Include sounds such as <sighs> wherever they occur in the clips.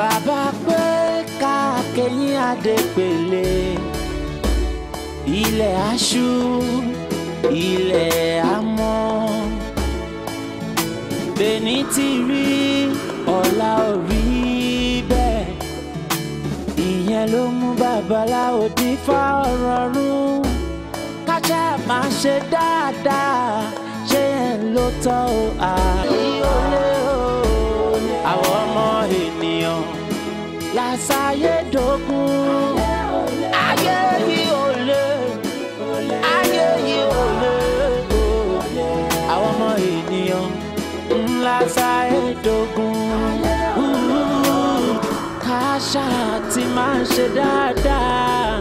bàbá pé káàkéyìn adépèlé ilẹ̀ aṣú ilẹ̀ amọ́ bẹ́ẹ̀ni ti rí ọ̀la orí bẹ́ẹ̀ ìyẹn ló mú babaláwo dífá ọ̀rọ̀ kájà máa ṣe dáadáa ṣé ẹ̀ ń lò tán o àṣàyédògún. ayé yìí ò lè ayé yìí ò lè àwọn ọmọ ènìyàn ńlá ṣàyédògún. káṣá ti máa ń ṣe dáadáa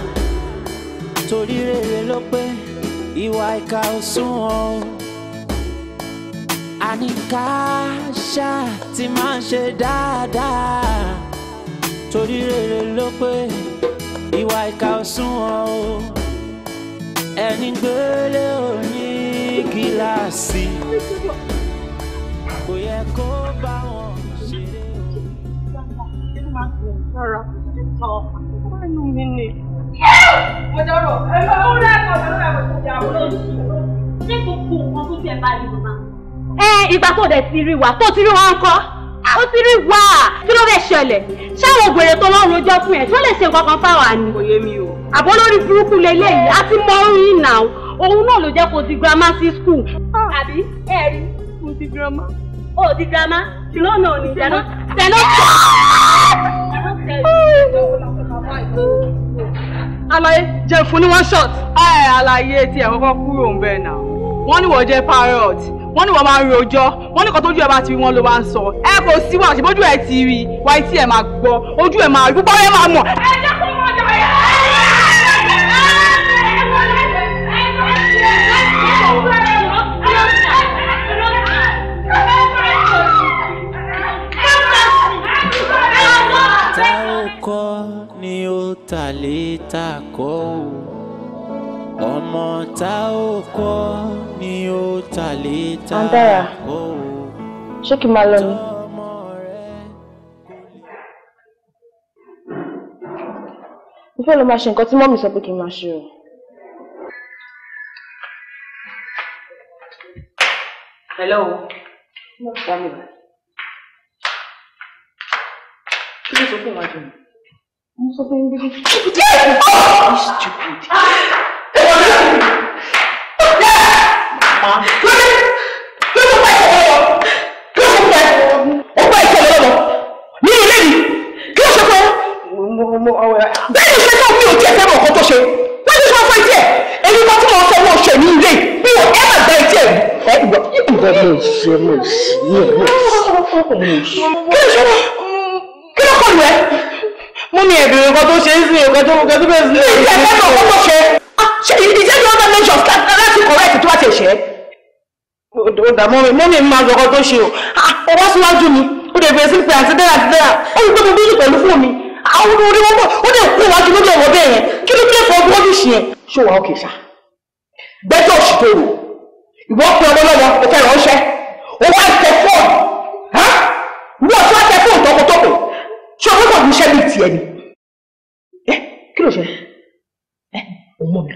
torí rere ló pé ìwà ìka ò sunwọ̀n àní káṣá ti máa ń ṣe dáadáa torí rere ló pé ìwà ìkà ò sunwọ̀n o ẹni gbélé ò ní gíláàsì kò yẹ kó bá wọn ṣeré o. Ẹ ìgbà tó dẹ̀ ti rí wa tó ti rí wa ń kọ́ ó ti rí wá kí ló fẹ́ ṣẹlẹ̀ ṣáwọn ògbèrè tó lọ́rùn ọjọ́ fún ẹ̀ tó lè ṣe nǹkan kan fáwa ni. kò yé mi o. àbọ̀ lórí burúkú lélẹ́yìí a ti mọ orin yìí nà òun náà ló jẹ́ kó di girama sí school. àbí ẹ rí mo di girama. o di girama ṣùgbọ́n náà ni ìdáná tẹ̀lé. alaye jẹ fún ní one shot. ẹ alaye tiẹ̀ kọ́kọ́ kúrò ń bẹ́ẹ̀ náà wọ́n ní wọ́n jẹ́ parrot wọ́n ní wọ́n máa ń rojọ́ wọ́n ní kan tójú ẹ bá ti rí wọn ló wá ń sọ ẹ kò sí wàá ṣe bójú ẹ ti rí wa etí ẹ máa gbọ́ ojú ẹ máa rí púpọ̀ ẹ máa mọ̀. ta ó kọ́ ni ó ta lè ta kọ́ ò ọmọ tá ò kọ́ ni ó ta lè ta ó. ṣé kí n máa lọ ni. mo fẹ́ lọ máa ṣe nǹkan tí mọ́mì sọ pé kí n máa ṣe o. Hello. Mo sá mi bá. Kí ló sọ fún ìwájú mi? Mo sọ pé ń bí. Stupid. Ah! mọ́. lọ́sọ̀ ṣe pé. Ah. mi ò tiẹ̀ fẹ́ràn ọkọ tó ṣe wọ́n ti sọ fún ẹ èyí kan tí mo sọ wọ́n ṣe ní ilé mi ò ẹ́ màgbá ẹ tiẹ̀. ìgbà mi ò ṣe mi ò ṣe mi ò ṣe. kí kí ló kọ̀ lù ẹ́ mo ní ẹ̀bìrì nǹkan tó ṣe é sí nǹkan tó nǹkan tó sí lè ṣe. ìjẹ́ fẹ́ mọ̀ kó tó ṣe. Ah, ṣe ìjẹ́ yóò dá méjọ sáà politically correct tó bá ti o ó dà mọ́ mi mọ́ mi máa zọkọ tó ṣe o ó wá síwájú mi ó de bẹ̀rẹ̀ sí pé àti bẹ́ẹ̀ àti bẹ́ẹ̀ ó rí pé mo bíjì pẹ̀lú fún mi àwọn orí wọn ó dẹ̀ kú iwájú lójú ọ̀wọ́ bẹ́ẹ̀ yẹn kí ló kílẹ̀ fún ọdún ṣì yẹn ṣó wà ókè ṣá gbẹ́jọ́ òṣìṣẹ́ ìwọ pe ọmọ lọ́wọ́ o fẹ́ ránṣẹ́ o wá tẹ fóònù ní ọtí wá tẹ fóònù tọkọtọkọ ṣé ọmọ kò ní iṣẹ́ bíi tiẹ̀ ni ẹ kí ló ṣe ẹ òun mọ̀ mi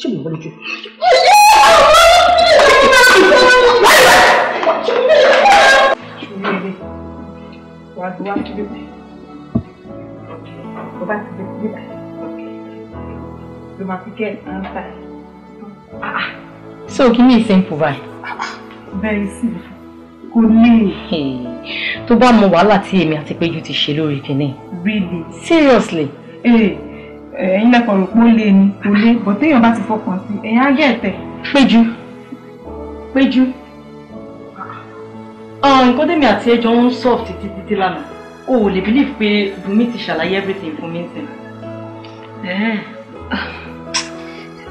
ṣé mo lójú. wàá ti wá síbí báyìí tó bá ti dé síbí báyìí ló máa fi kẹ́ ẹ̀ áńtà. so kí really seriously. Hey. Eh. Eh, ẹ̀yin lẹ́kọ̀ọ́ rò pé ó lé ni kò lé bó téèyàn bá ti fọkàn sí ẹ̀yin á gẹ̀ ẹ̀tẹ̀ péjú péjú. Ah, ah, nǹkan tèmi àti ẹjọ́ ń sọ títí títí lánàá o ò lè bílíf pé Bùnmi ti ṣàlàyé everything fún mi sìn.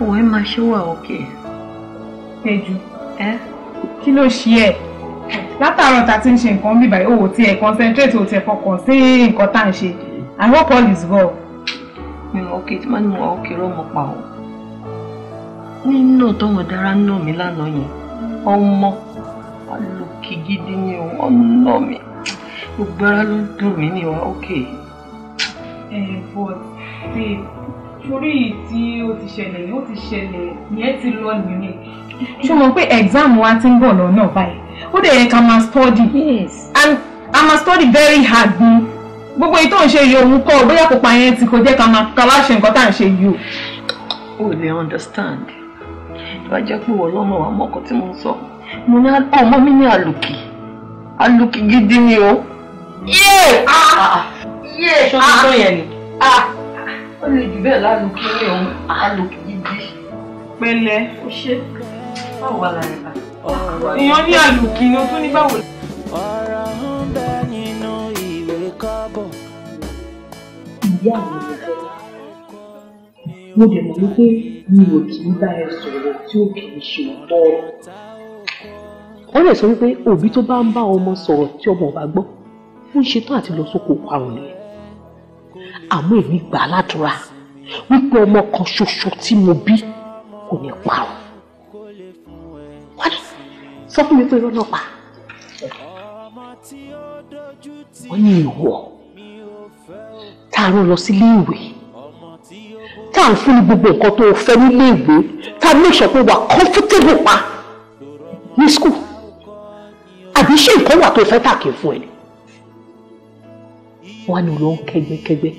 ọ̀wọ́ eh. ẹ máa ṣe wà òkè. péjú eh? kí ló ṣe ẹ́ látàárọ̀ tá a ti ń ṣe nǹkan bíbáyìí o ò tiẹ̀ concentrate o ò tiẹ̀ fọkàn sí nǹkan tá à ń ṣe I hope all is well òkè tí máa ní mo wà òkè rọ́mọ pa ọ́ nínú tọmọ dára nà mí lánàá yẹn ọmọ alòkè gidi ni o wọn nà mí gbogbo ara ló dùn mí ni wa òkè. ẹ bọ ṣe torí yìí tí ó ti ṣẹlẹ̀ yìí ó ti ṣẹlẹ̀ yẹn ti lọ nìyẹn. ṣé pé exam wa ti ń bọ̀ lọ́nà báyìí ó dẹ̀ yẹ ká máa study. yes. and a máa study very hard ni gbogbo èyí ń ṣe yìí òun kọ́ bóyá kò pa yẹn ti kò jẹ́ ká má ṣe nǹkan tá à ń ṣe yìí o. o lè understand tó bá jẹ́ pé ìwọ lọ́mọ wa mọ̀ ọkàn tí mo ń sọ mo ní ọmọ mi ní àlùkì àlùkì gidi ni o. yé ah, ah, ah. yé ṣọ́nà tó yẹn ni. ó lè jù bẹ́ẹ̀ lálùkì ní òun àlùkì gidi. pẹ̀lẹ́ ó ṣe báwo wà lára ìbá. ìyọ́n ní àlùkì ni o tún ní báwo. ìyá mi ló fẹ́. Mo dẹ̀ mọ̀ wípé mi ò kì í bá ẹ sọ̀rọ̀ tí ò kì í ṣe òótọ́ ọ̀rọ̀. Wọ́n lè sọ wípé òbí tó bá ń bá ọmọ sọ̀rọ̀ tí ọmọ ò bá gbọ́, ó ń ṣetán àti lọ sóko parun ni. Àmọ́ èmi gbà á ládùúrà wípé ọmọ kan ṣoṣo tí mo bí kò ní parun. Wọ́n sọ fún mi pé irọ́ náà pa. Wọ́n ní ìwọ tá a rán lọ sílé ìwé tá à ń fún ní gbogbo nǹkan tó fẹ́ nílé ìwé tá a make sure pé wà comfortable pa ní school àbí ṣé nǹkan wà tó o fẹ́ tà kí n fún ẹ ni wọn ni ló ń kẹ́gbẹ́kẹ́gbẹ́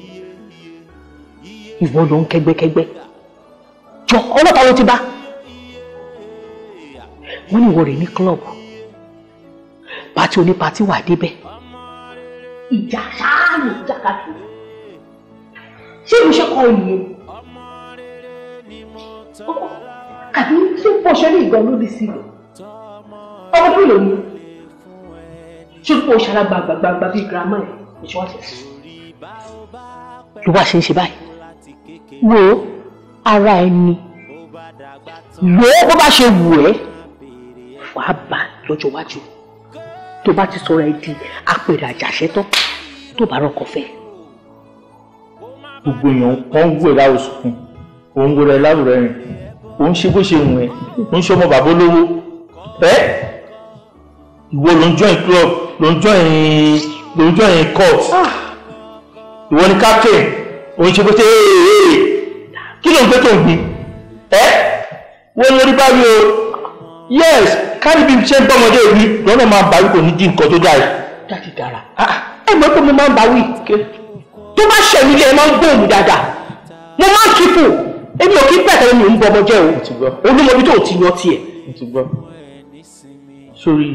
ìwọ ló ń kẹ́gbẹ́kẹ́gbẹ́ jọ ọlọ́pàá ló ti bá wọn ni ìwọ rè ní club pàtí onípàtí wà débẹ̀ ìjà ṣáà ní ìjà kàkiri ṣé mi ṣe kọ́ ìyẹn àbí tí ó pọ̀ ìgbà olóbi sí lò ọmọ tó lò ní ṣé kó o ṣàlàgbà gbàgbàgbà bíi girama ẹ̀ ìṣọ́ ọ̀sẹ̀ sí. ló bá ṣe ń ṣe báyìí wo ara ẹni lò bó bá ṣe wù ẹ́ wàá bà lọ́jọ́ iwájú tó bá ti sọ̀rọ̀ ẹ di apèrè àjàṣẹ́tọ́ tó bá rọkọ̀ fẹ́ẹ́ gbogbo èèyàn kan ń wúrẹ́ láwọ̀ sùkún òun wúrẹ́ láwọ̀ rẹ̀ rìn òun ṣe bó ṣe wù ẹ́ òun ṣe ọmọ bàbá olówó ẹ́ ìwọ ló ń join club ló ń join ló ń join court ìwọ ni captain òun ṣe bó ṣe ee kí ló ń gbé tó ń gbin ẹ́ wọ́n lórí báyìí o yes kárí bí ṣe ń bọ́ ọmọdé rí lọ́nà máa bá wí kò ní dín nǹkan tó dára dára ẹgbẹ́ pé mo máa ń bá wí tó bá ṣẹ̀ nílé ẹ máa ń gbóhùn dáadáa mo máa ń kíkù èmi ò kí pẹ̀tẹ́ mi ò ń bọ ọmọ jẹ́ o olúmọbi tó ti yan tiẹ̀. sórí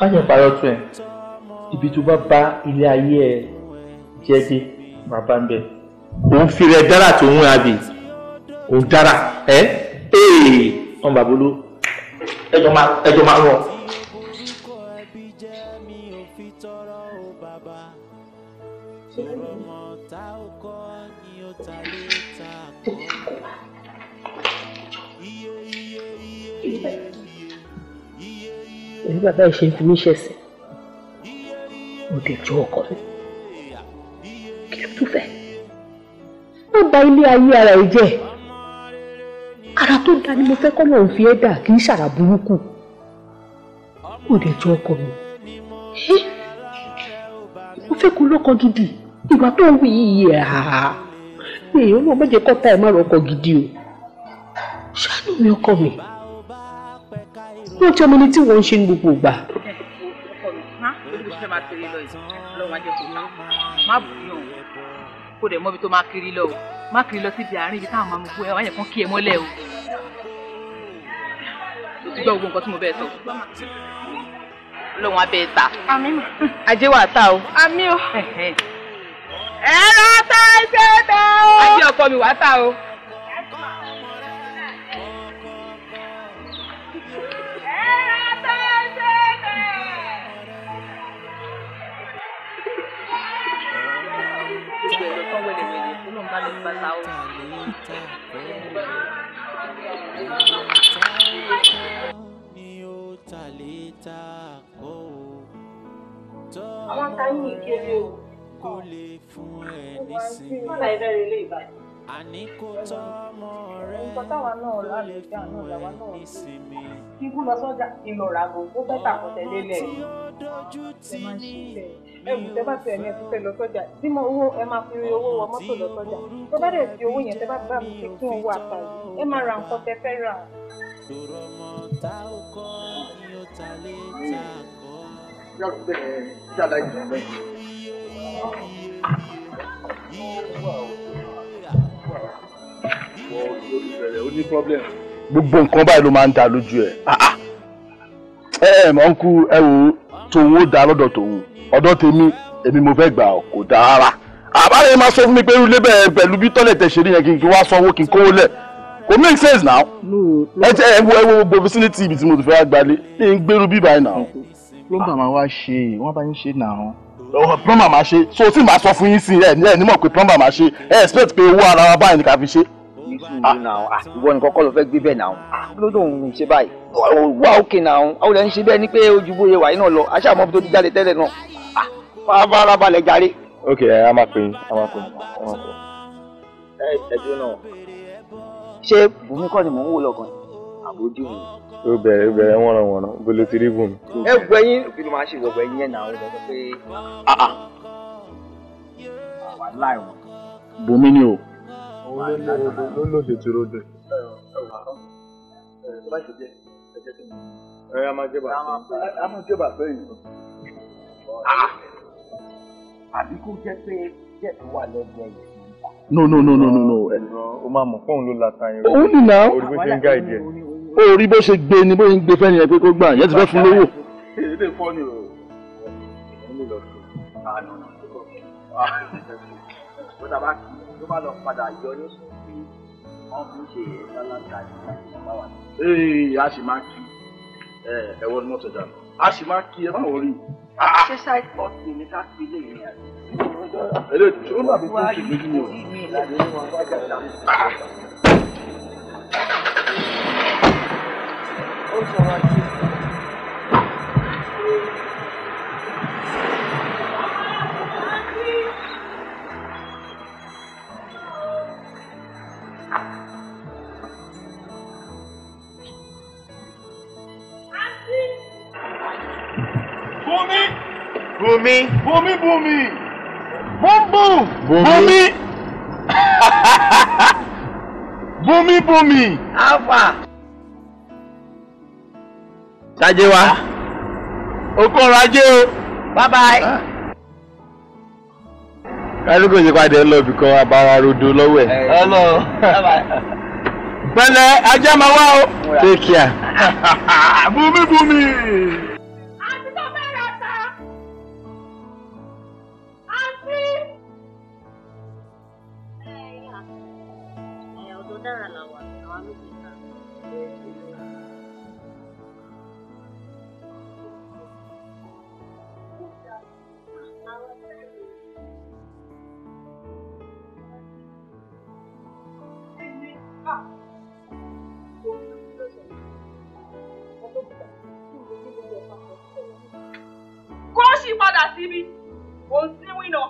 báyọ̀ parọ́ tún ẹ̀ ibi tó bá bá ilé ayé ẹ jẹ́ dé bàbá ń bẹ̀. òun fi rẹ̀ dára tó ń rabi òun dára ẹ́ ẹ́ ọmọ bàbá olú ẹjọ́ máa rán ọ. bàbá ẹ̀ ṣe ń fi mí ṣẹ̀sìn ó dé jọ ọkọ mi kí ló tún fẹ́ má bà ilé ayé ara ẹ̀ jẹ́ ara tó da ni mo fẹ́ kọ́nà òun fi ẹ́ dà kì í ṣàrà burúkú ó dé jọ ọkọ mi mo fẹ́ kó lọ́kọ gidi ìgbà tó ń wí yìí ẹ̀ èèyàn náà méje kọ́ta ẹ̀ má rọ́kọ gidi o ṣàánú mi ọkọ mi wọ́n jẹ́ ọmọ ní tí wọ́n ń ṣe ní gbogbo ìgbà. kó dẹ̀ mọ́bi tó máa kiri lọ o kiri lọ síbi àárín ibi táwọn máa mú bóyá wáyà kan kí ẹ mọ́lẹ̀ o. o ti gbọ́ gbogbo nǹkan tí mo bẹ́ẹ̀ sọ lọ́wọ́n abẹ́ ta. àmín. ajé wà ta o. àmín o. ẹ̀rọ ta ṣe bẹ́ẹ̀ o. ajé ọkọ mi wà ta o. gbogbo àwọn ta ní ìkéré o kò lè fún ẹ nísìnyí. wọ́n nǹkan táwa náà lálẹ́ ìjà náà làwa náà kíkú lọ sọ́jà ìlọ̀ra bò fẹ́ tàkùn lẹ̀ yìí ẹ máa ṣe bẹ́ẹ̀ ẹ̀wù tẹ́ bá fẹ́ ẹ̀mí ẹ̀fún fẹ́ lọ sọ́jà tí mo owó ẹ máa fi owó wọ mọ́tò lọ sọ́jà tó bá dẹ̀ fi owó yẹn tẹ́ bá bá mi fi kún owó àpà ẹ máa ra nǹkan tẹ́ fẹ́ rà. yàrá bẹ́ẹ̀ ṣáláì jọ̀ọ́ bẹ́ẹ̀ gbogbo nǹkan báyìí ló máa ń da lójú ẹ ah, ah. ẹ ọ̀nkú ẹ wò tòun ó da lọ́dọ̀ tòun ọ̀dọ̀ tèmi èmi mo fẹ́ gbà kò dáa rárá àbálẹ̀ máa sọ fún mi pé irú lébẹ̀ pẹ̀lú bí tọ́lẹ̀ tẹ̀ ṣe rí yẹn kí n wá sanwó kí n kówó lẹ̀ kò make sense now ẹ jẹ́ ẹ wo ẹ wo gbogbo vicinity ibi tí mo ti fẹ́ gbalẹ̀ ní gbèrú bíbáyìí náà. plumber máa wá ṣe wọ́n bá ń ṣe náà. Uh, plumber máa ṣe so tí màá sọ fún yín sí ẹ ẹ nímọ̀ pé plumber máa ṣe ẹ expect pé owó ara wa báyìí ni ká fi ṣe. Ah. Ah, ìwọ nìkan kọ́ ló fẹ́ gbé bẹ́ẹ̀ náà ah, ló dùn ún ṣe báyìí wá òkè náà àwọn olè ń ṣe bẹ́ẹ̀ ni pé ojú bóyá wàyí náà lọ aṣáà mọ́ tó ti jáde tẹ́lẹ̀ náà farabalẹ̀ jáde. ok ẹ a máa pè yín a máa pè yín a máa pè yín. ẹ ẹ dúró náà ṣé bùnmi kọ́ ni mò ń wò lọ́kàn àbójú mi ó bẹ̀rẹ̀ ó bẹ̀rẹ̀ wọ́n ràn wọ́n ràn bolo ti rí bùn. ẹ gbọ́ ẹyin kí ló máa ṣe wọ̀gbọ̀ ẹyin yẹn náà ó lọ pé ah, ah. àwa láì wọ̀n. bomi ni o. ló lòdì tí ó dé. ẹ a máa jẹ bàtẹ́ yìí. Ah, àbí kó jẹ́ pé jẹ́ tó wà lẹ́gbẹ̀ẹ́ yìí no no no no no no. o máa mọ̀ fóun ló la ta yẹn. òun nìyà. orí pé ṣe ń gáìdì ẹ̀ ó rí bó ṣe gbé ni bó ṣe ń gbé fẹ́ni ẹ pé kó gbà yẹn ti fẹ́ fún lówó. ilé fọ́ o èmi lọ sí àánú bó ta bá kí ló bá lọ padà yọ ní sùn wọn kì í ṣe ìfọláńtà nígbà tí wọn bá wà. ee a sì máa kí ẹwọ ni wọn tọjà lọ a sì máa kí ẹ má wọrí. Ah, ah. ṣé side pot mi ni ká fi lè rìn àjò. ẹlẹ́ tí Bumi. Bumi Bumi. Bumbu. Bumi. Bumi Bumi. Alpha. ṣáájú wa ah. okun ọrọ̀ ajé o. bye bye. Ah. kálukú yìí padà lọ bí kan abara rodo lọ́wọ́ ẹ̀. ọlọ pẹ̀lẹ́ ajá máa wá o. take care. <laughs> ṣì padà síbi òun sí wínà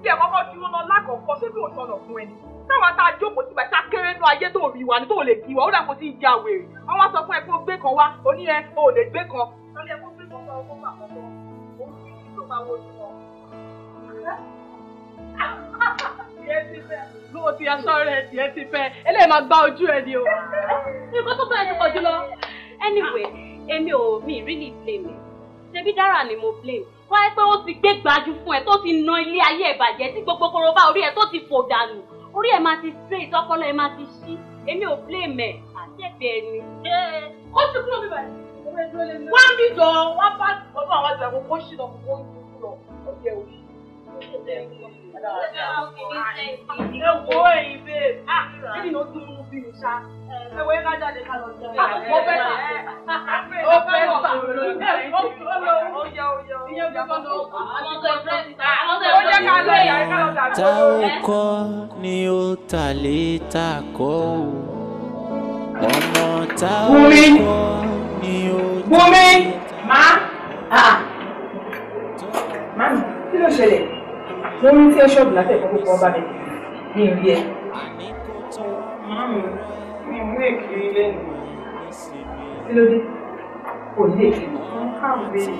tí ẹ kọ́kọ́ dúró lọ lákọ̀ọ́kọ́ ṣé bí òun sọ̀rọ̀ fún ẹni táwọn tá jókòó síbi tá kéré nínú ayé tó rí wa ni tó lè kí wa ó dàpọ̀ sí ìjà wèrè wọ́n wá sọ fún ẹ kó gbé kan wá ó ní ẹ ó lè gbé kan. lórí ẹ kó gbé kan wá ọkọ àkọ́kọ́ òun fi kí máa wo ìwọ. tiẹ̀ ti fẹ́ lóò ti aṣọ rẹ̀ tiẹ̀ ti fẹ́ eléyìí gba ojú ẹ ni o. nǹkan tó ti pọ̀ jù anyway èmi ò mi really blame ṣebí dára ni mo blame wá ẹ pé ó ti gbé gbájú fún ẹ tó ti na ilé ayé ẹ bàjẹ́ tí gbogbo korobá orí ẹ tó ti fò dànù orí ẹ máa ti straight ọpọlọ ẹ máa ti ṣí èmi ò blame ẹ àṣẹbẹ ẹni. ó ti kúrò bíbá ẹ wá ń bí jọ wá bá ọdún àwọn àti ẹ̀kọ́ kó ṣì lọ kó ń lọ ọjọ́ ẹ wo ẹyin bẹẹ kí ni o tún mú bí mi ṣá ẹ wo ẹka jáde ká lọ jẹun ó fẹ́ tà ó fẹ́ tà ó yẹ ó yẹ ó yẹ kó lọ ó yẹ ká lọ ìyá ká lọ dàbí. ta ó kọ́ ni ó ta lè ta kọ́ o ọ̀nà ta ó ni ó ta lè ta kọ́ o. Mami, kí ló ṣẹlẹ̀? mo tí ẹ ṣọ́ọ̀bù látẹ̀kọ́ kó kọ́ bá mi mi ẹ. Màámi, mi ò lè kí ilé Kí ló dé? Kò lè kí. Mo ń kàwé. Mo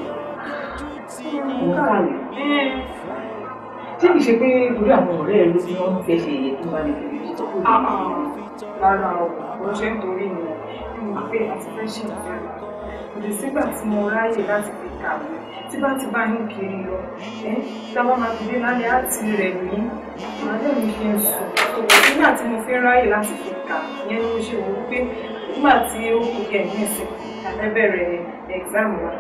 ń kàwé. Ṣé kìí ṣe pé orí àwọn ọ̀rẹ́ ẹ ló ti wọ́n fẹ́ ṣe iye tó bá lè fi rí? Ah, ah. Rárá o, ṣe ń torí mi. Mo mọ̀ pé fẹ́ ṣe ìfẹ́. Kò lè sígbà tí mo ráyè láti fi tí bá ti bá yín kiri lọ ẹ máa fi dé lálẹ́ àti rẹ̀ mí màá dẹ̀ mi fi ń sùn tòwò nígbà tí mo fẹ́ ráyè láti fi kà yẹn ni mo ṣe wò ó pé nígbà tí ó kù kẹ̀ ní ìsìn àfẹ́bẹ̀rẹ̀ exam wa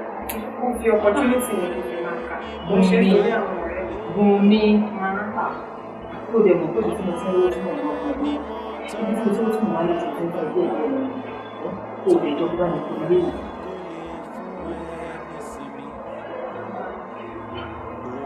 ó fi opportunity yẹn fi máa kà mo ṣe é torí àwọn ọ̀rẹ́ mi. Bùnmi kó dẹ̀ mọ̀ pé kò tí mo fẹ́ lọ́wọ́ tí mo mọ̀ ọ́ mi tí mo fẹ́ lọ́wọ́ tí lè tètè ń bá ilé ìwé mi kó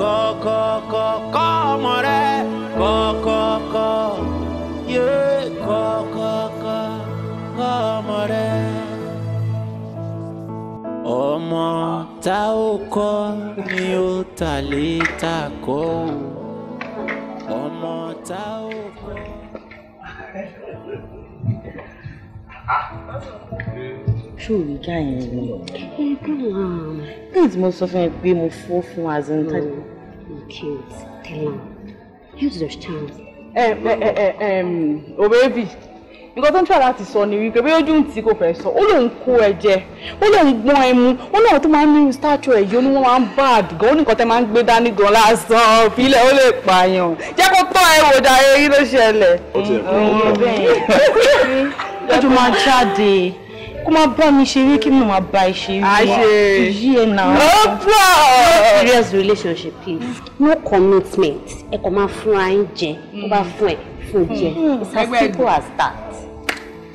kọ̀kọ̀kọ̀ kọ́ ọmọ rẹ kọ̀kọ̀kọ̀ kọ̀kọ̀kọ̀ kọ́ ọmọ rẹ. ọmọ tá ò kọ́ ni ó ta lè ta kọ́ o ọmọ tá ò kọ́. Ah ṣòrí gá yẹn ni things mo sọ fún ẹ pé mo fọ́ fún azin tàbí. Oh, cute tell him. use those chance. òbẹ́bì nǹkan tó ń tọ́ láti sọ ni wípé bí ojú ń tí kò fẹ́ sọ ó lóun kó ẹ jẹ ó lóun gbọ́n ẹ mu ó lóun tó máa ń ní statue ẹ̀ yóò ní wọ́n máa ń bá àdìgàn ó ní nǹkan tẹ́ máa ń gbé dání gan lásán fílẹ̀ ó lè pààyàn jẹ́ kó tọ́ ẹ wò dáre yín ló ṣẹlẹ̀. ó ti ẹ̀ kọ́ ọ́ bẹ́ẹ̀ ó ti <laughs> máa jáde kó má bá mi ṣeré kí mi máa bá ẹ ṣeré wa yí ẹ nà no problem. no serious relationship please. no commitment ẹ kàn máa fún ra ń jẹ kó bá mm. fún ẹ fún jẹ mm. it's as simple as that.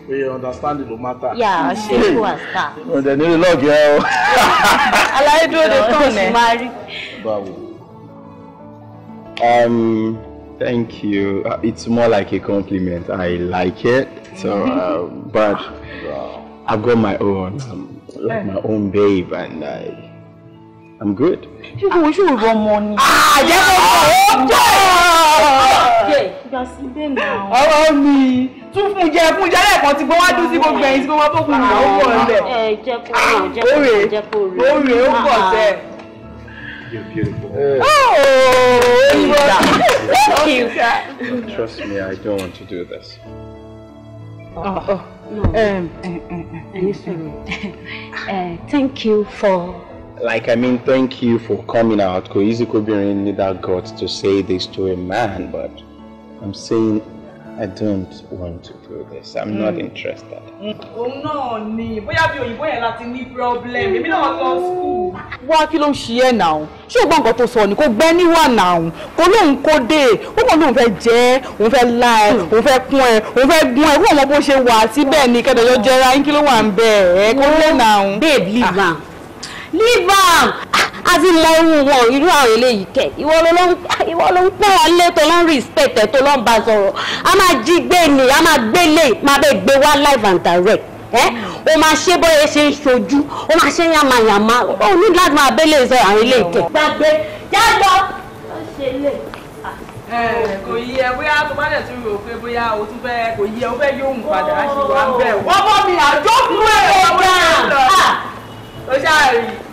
We understand it no matter. Yeah, as simple as that. Ọ̀dẹ̀ nílé lọ́ọ̀gì ẹ o. Aláyé <laughs> dúró de tán ẹ̀. Báwo? Um, thank you. Uh, it's more like a compliment. I like it. So, um, but. <laughs> Wow. I've got my own, um, like eh. my own babe, and I, I'm good. You go, you run money. Ah, oh, yeah, okay. Ọ̀rọ̀ mi tún fún jẹ fún jálẹ̀ kan tí gbọ́wá dún sí gbogbo ẹ̀yìn tí gbogbo tó kù nìyà ó pọ̀ ńlẹ̀. Ah, eh, Ẹ jẹ́ kó rè jẹ́ kó rè ó rè ó pọ̀ ah. sẹ́. You're oh, beautiful. Uh, oh, Thank you. Trust me, I don't want to do this. Oh. Oh. Um, eh, eh, eh, <laughs> thank you for... Like, I mean, thank you for coming out. Koizi Kobirin neither got to say this to a man, but I'm saying I don't want to do this. I'm mm. not interested. Òun náà ni bóyá bí òyìnbó yẹn láti ní problem. Èmi náà lọ school. Wá kí ló ń ṣe ẹ́ náà? Ṣé o gbọ́ nǹkan tó sọ ni kò gbẹ́ níwà náà? Kò lóun kó dé. Ó kàn lóun fẹ́ jẹ ẹ́, òun fẹ́ la ẹ̀, hmm. òun fẹ́ kún ẹ̀, òun fẹ́ gún ẹ̀. Kó ọmọ bó ṣe wà síbẹ̀ ni kẹ́dọ̀jọ́ jẹ́ra yín kí ló wà ń bẹ̀ ẹ́ kó lé náà. Babe, leave ah. am. Leave am. Ah, a ti mọ irú wọn irú àwọn eléyìí kẹ ah, ìwọ ló ń ìwọ ló ń pọ̀ wọn lé tó ló ń respect ẹ̀ tó ló ń bá sọ̀rọ̀ a máa jí gbé ni a máa gbé lè máa bẹ́ẹ̀ gbé wá live and direct o máa ṣe bóyá ṣe ń ṣojú o máa ṣe yàmàyàmà o ní láti máa bẹ́lẹ̀ sọ àwọn ilé ìkẹ́. gbàgbé jágbọ́ ó ṣe lè. kò yí ẹ bóyá tó bá dẹ̀ tún rò pé bóyá o tún fẹ́ kò yí ẹ o fẹ́ yóò ń padà á sì wá bẹ́ẹ̀ o. ọmọ mi àjọkùn ẹ̀ ọ̀gá ó ṣáà rí i.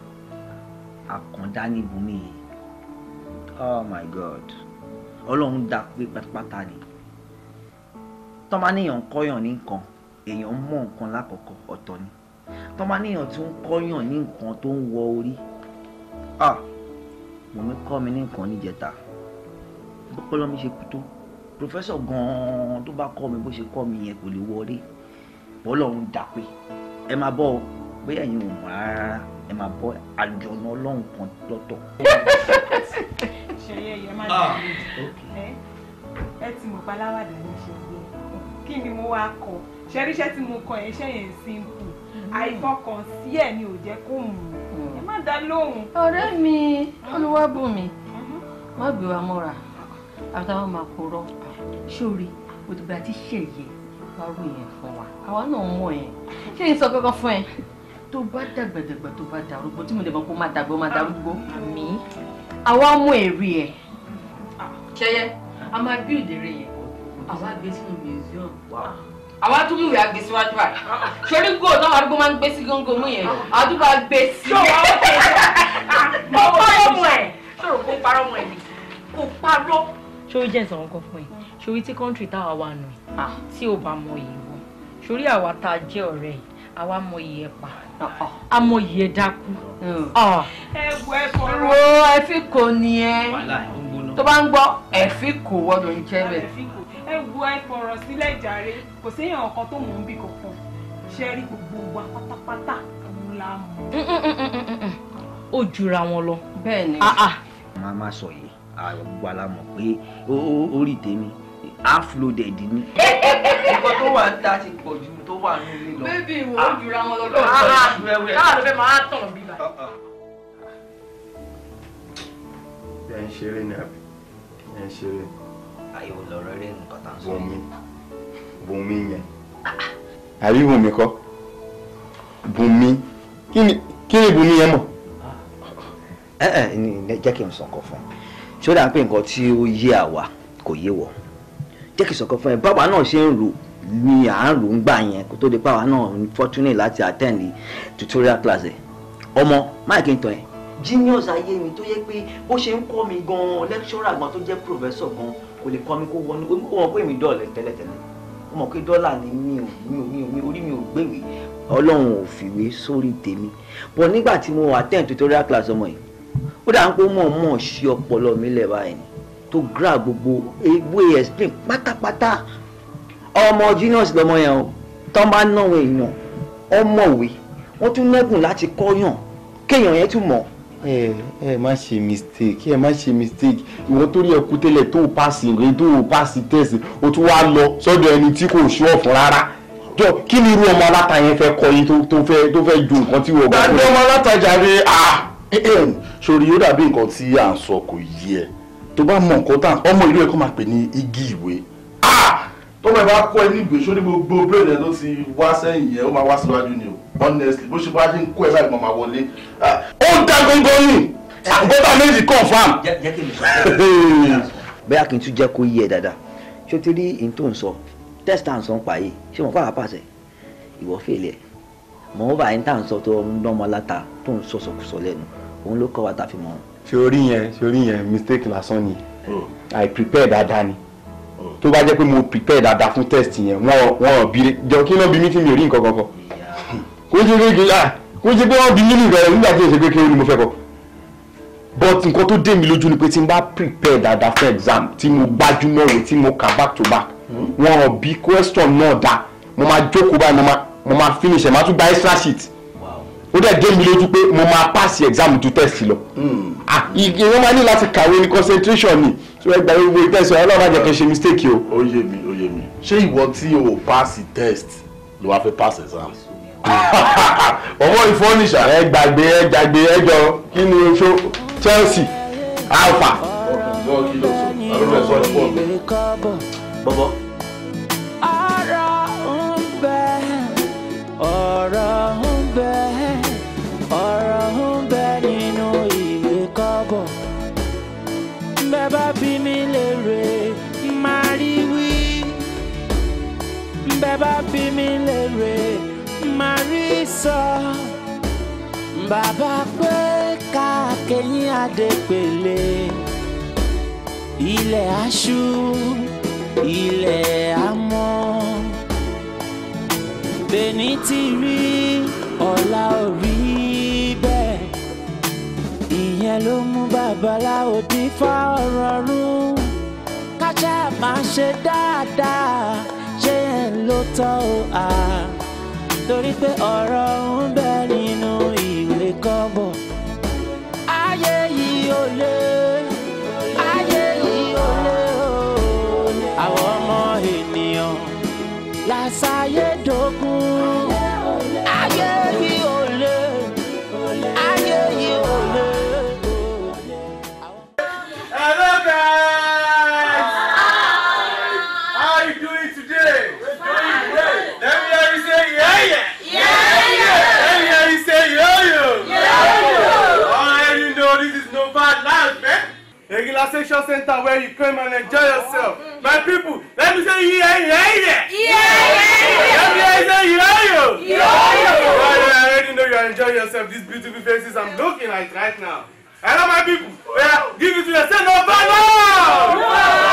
àkàndá ní bùnmi oh my god ọlọ́run dá pé pátápátá ni tọ́mọ níyàn ń kọ́yàn ní nǹkan èèyàn mọ̀ nǹkan lákọ̀ọ́kọ́ ọ̀tọ̀ ni tọ́mọ níyàn tí ń kọ́yàn ní nǹkan tó ń wọ orí ah bùnmi kọ́ mi ní nǹkan níjẹta bọ́pọ́lọ́ mi ṣe kú tó pòfẹ́sọ̀ gan-an tó bá kọ́ mi bó ṣe kọ́ mi yẹn kò lè wọlé bọ́lọ́run dá pé ẹ máa bọ́ ọ bóyá ẹ̀yin ò mọ̀ rárá ẹ máa bọ́ àjọ̀nà ọlọ́run kan lọ́tọ̀. ṣèyí ẹyẹ má ah. dàbí ẹ ẹ ti mọ̀ paláwàdà ní ṣe gbé kí ni mo wá kọ ṣẹ́ríṣẹ́ tí mo kọ yẹn ṣẹ́ yẹn simple mm-hmm. àìfọkàn sí ẹ̀ ni ò jẹ́ kó mú mm. ẹ má dá lóhùn. ọ̀rẹ́ mi mm. olúwàbùnmi mm-hmm. má gbé wa mọ́ra àtàwọn máa kó rọ sórí òtùgbà tí ṣèyẹ wàá ròyìn fún wa àwa náà mọ̀ yẹn ṣé n sọ kankan fún ẹ tó bá dàgbẹ̀dẹ̀gbẹ̀ tó bá darúgbó tí mo lè mọ kó má dàgbẹ́ má darúgbó. àmì àwa mú èrè ẹ. ṣẹyẹ a máa bí òdèrè yẹn àwa gbé sínú museum àwa tún mú ìwé àgbè síwájú àná sórí góò náà àdúgbò máa ń gbé sí góńgó mú yẹn àdúgbò àgbè sí. ṣọwọ́ ó ṣe é kó parọ́ mọ́ ẹ̀ ṣòro kó parọ́ mọ́ ẹ̀ ni kó parọ́. sórí jẹ́ ìsọ̀rọ̀ kan fún ẹ sórí tí kọ́ńtì táwa wà nù tí ò bá mọ ìwọ sórí àwa tá a jẹ́ ọ̀rẹ́ àwa mọ ìyẹ̀pà amòye ẹ dákú hmm. ẹgbọ ẹ sọ̀rọ̀ wo ẹfí kò ní ẹ tó bá ń gbọ́ ẹfí kò wọdọ ń jẹ bẹ́ẹ̀. ẹgbọ ẹ fọ̀rọ̀ sílẹ̀ jàre kò séèyàn ọkàn tó mọ̀ ń bì kankan ṣe rí gbogbo wa pátápátá òun la mọ̀. ó jura wọn lọ. bẹ́ẹ̀ ni. Ah, ah. màá má sọ yìí àwọn gbogbo àlámọ̀ pé orí tèmi half loaded ni. nǹkan tó wà ń ta ti pọ̀ ju tó wà ní ilé lọ. bébí ìwọ ó jura wọn lọ́dọ̀ ọ̀hún. káà ló fẹ́ máa tàn bíbá. Ah, ah. ẹ ń ṣeré ni àbí ẹ ń ṣeré. àyẹ̀wò lọ̀rọ̀ rẹ̀ nǹkan tá à ń sọ. Bùnmi Bùnmi yẹn àbí Bùnmi kọ́ Bùnmi kí ni Bùnmi yẹn mọ̀. Eh, eh, ẹ ẹ jẹ́ kí n sọ̀kọ̀ fún un ṣó pé nǹkan tí ó yé àwa kò yé wọ̀ jẹ́ kí sọ̀kan fún ẹ báwa náà ṣe ń rò ni à ń rò ń gbà yẹn kó tó di báwa náà fortunate láti attend tutorial class ẹ̀ ọmọ máìkì ń tọ́ ẹ̀ genius ayé mi tó yẹ pé bó ṣe ń kọ́ mi gan-an lecturer gan tó jẹ́ professor gan kò lè kọ́ mi kó wọnú ó mọ̀ pé èmi dọ́ọ̀lẹ̀ tẹ́lẹ̀tẹ́lẹ̀ ó mọ̀ pé dọ́là ni mi ò mi ò mi orí mi ò gbèwé ọlọ́run ò fìwé sórí tèmi bọ̀ nígbà tí mo attend tutorial class ọmọ yìí ó dà ń pé ó mọ̀ ọ́n mọ̀ ṣí ọpọlọ mi lẹ̀ báyìí tó gra gbogbo ewé explain pátápátá ọmọ genius lọmọ yẹn o tọ́ bá náwó èèyàn ọmọwé wọ́n tún lẹ́gùn láti kọ́yàn kéèyàn yẹn tún mọ̀. ẹ ẹ má ṣe mistake ẹ má ṣe mistake ìwọ tó rí ẹkú tẹ́lẹ̀ tó paasi rẹ tó paasi tẹsí o tún wá lọ sọ́dọ̀ ẹni tí kò ṣú ọ̀fun rárá jọ kí ni irú ọmọ aláta yẹn fẹ́ kọ́ yín tó fẹ́ tó fẹ́ ju nǹkan tí wọ́n gbà. gbàgbé ọmọ alátajà rẹ ah sori yóò dàbí nǹkan tí à ń sọ kò yí ẹ tó bá mọ nǹkan tán ọmọ ìlú ẹ kó máa pè ní igi ìwé ah! tọ́mọ ẹ bá kọ́ ẹ ní ìwé ṣó ní gbogbo brain ẹ tó ti wá sẹ́yìn yẹn ó máa wá síwájú ni o honestly bó ṣe bá ṣe ń kó ẹ báyìí mo máa wọlé. Ah! ó ń ta gbọ́ngàn ni àgbẹ̀bá méjì confam. bẹ́ẹ̀ kì í tún jẹ́ kó yé ẹ dáadáa ṣó ti rí in tó ń sọ test and sọ pa yìí ṣé mo pàrọ̀ pàṣẹ ìwọ fèlè mọ̀ ń bá in tá à ń sọ tó ń lọ́mọ láta tó ń sọ̀sọ̀kùsọ̀ lẹ́nu òun ló kọ́ wa tá fi mọ̀ ọ́n ṣorí yẹn ṣorí yẹn mistake lásán ni oh. i prepare dáadáa ni oh. To bá jẹ́ pé mo prepare dáadáa fún test yẹn wọ́n wọ́n bí jọ kí náà bí mi tí mi ò rí nǹkan kankan kó ṣe pé kí ah, kó ṣe pé wọ́n bí mi nìkan nígbà tí èsè pé kí ni mo fẹ́ kọ́ but nǹkan tó dé mi lójú ni pé tí n bá prepare dáadáa fún exam tí mo gbájú náà wò tí mo kà back to back hmm. wọ́n bí question náà dá mo máa jókòó báyìí mo máa finish ẹ̀ máa tún gba extra sheet ó dẹ̀ dé mi lójú pé mo máa pass exam tu test lọ. Hmm. Ah, ìwọ́n máa ní láti kàwé ní concentration ni tí wọ́n gba gbogbo ìtẹ̀sọ̀ ọlọ́run àjọ kan ṣe mistake o. ó yé mi ó yé mi ṣé ìwọ tí o pass test ló wá fẹ́ pass exam. <laughs> ọwọ́ ìfọ́nìṣà. ẹ gbàgbé ẹ gbàgbé ẹ jọ kí ni o ṣó Chelsea Alpha. bọ́bọ́. ọ̀rọ̀ ń bẹ ọ̀rọ̀ ń. bá bí mi léèrè máa rí wí bẹ́ẹ̀ bá bí mi léèrè máa rí sọ bàbá pé káàkiri adépèlé ilẹ̀ aṣú ilẹ̀ amọ́ bẹ́ẹ̀ ni ti rí ọ̀la orí ìyẹn ló mú babaláwo dífá ọ̀rọ̀ rú kájà máa ṣe dáadáa ṣé yẹn ló tọ́ o à torí pé ọ̀rọ̀ ń bẹ nínú ìwé kọ́bọ̀ ayé yìí ò lè ayé yìí ò lè o àwọn ọmọ ènìyàn làṣàyè. relaxation center where you come and enjoy yourself. My people, let me say yeah, yeah, yeah. Yeah, yeah, yeah. Let me say yeah, yeah, Yeah, yeah, yeah. I already know you are enjoying yourself. These beautiful faces I'm looking at right now. Hello, my people. Yeah, give it to yourself. No, no. no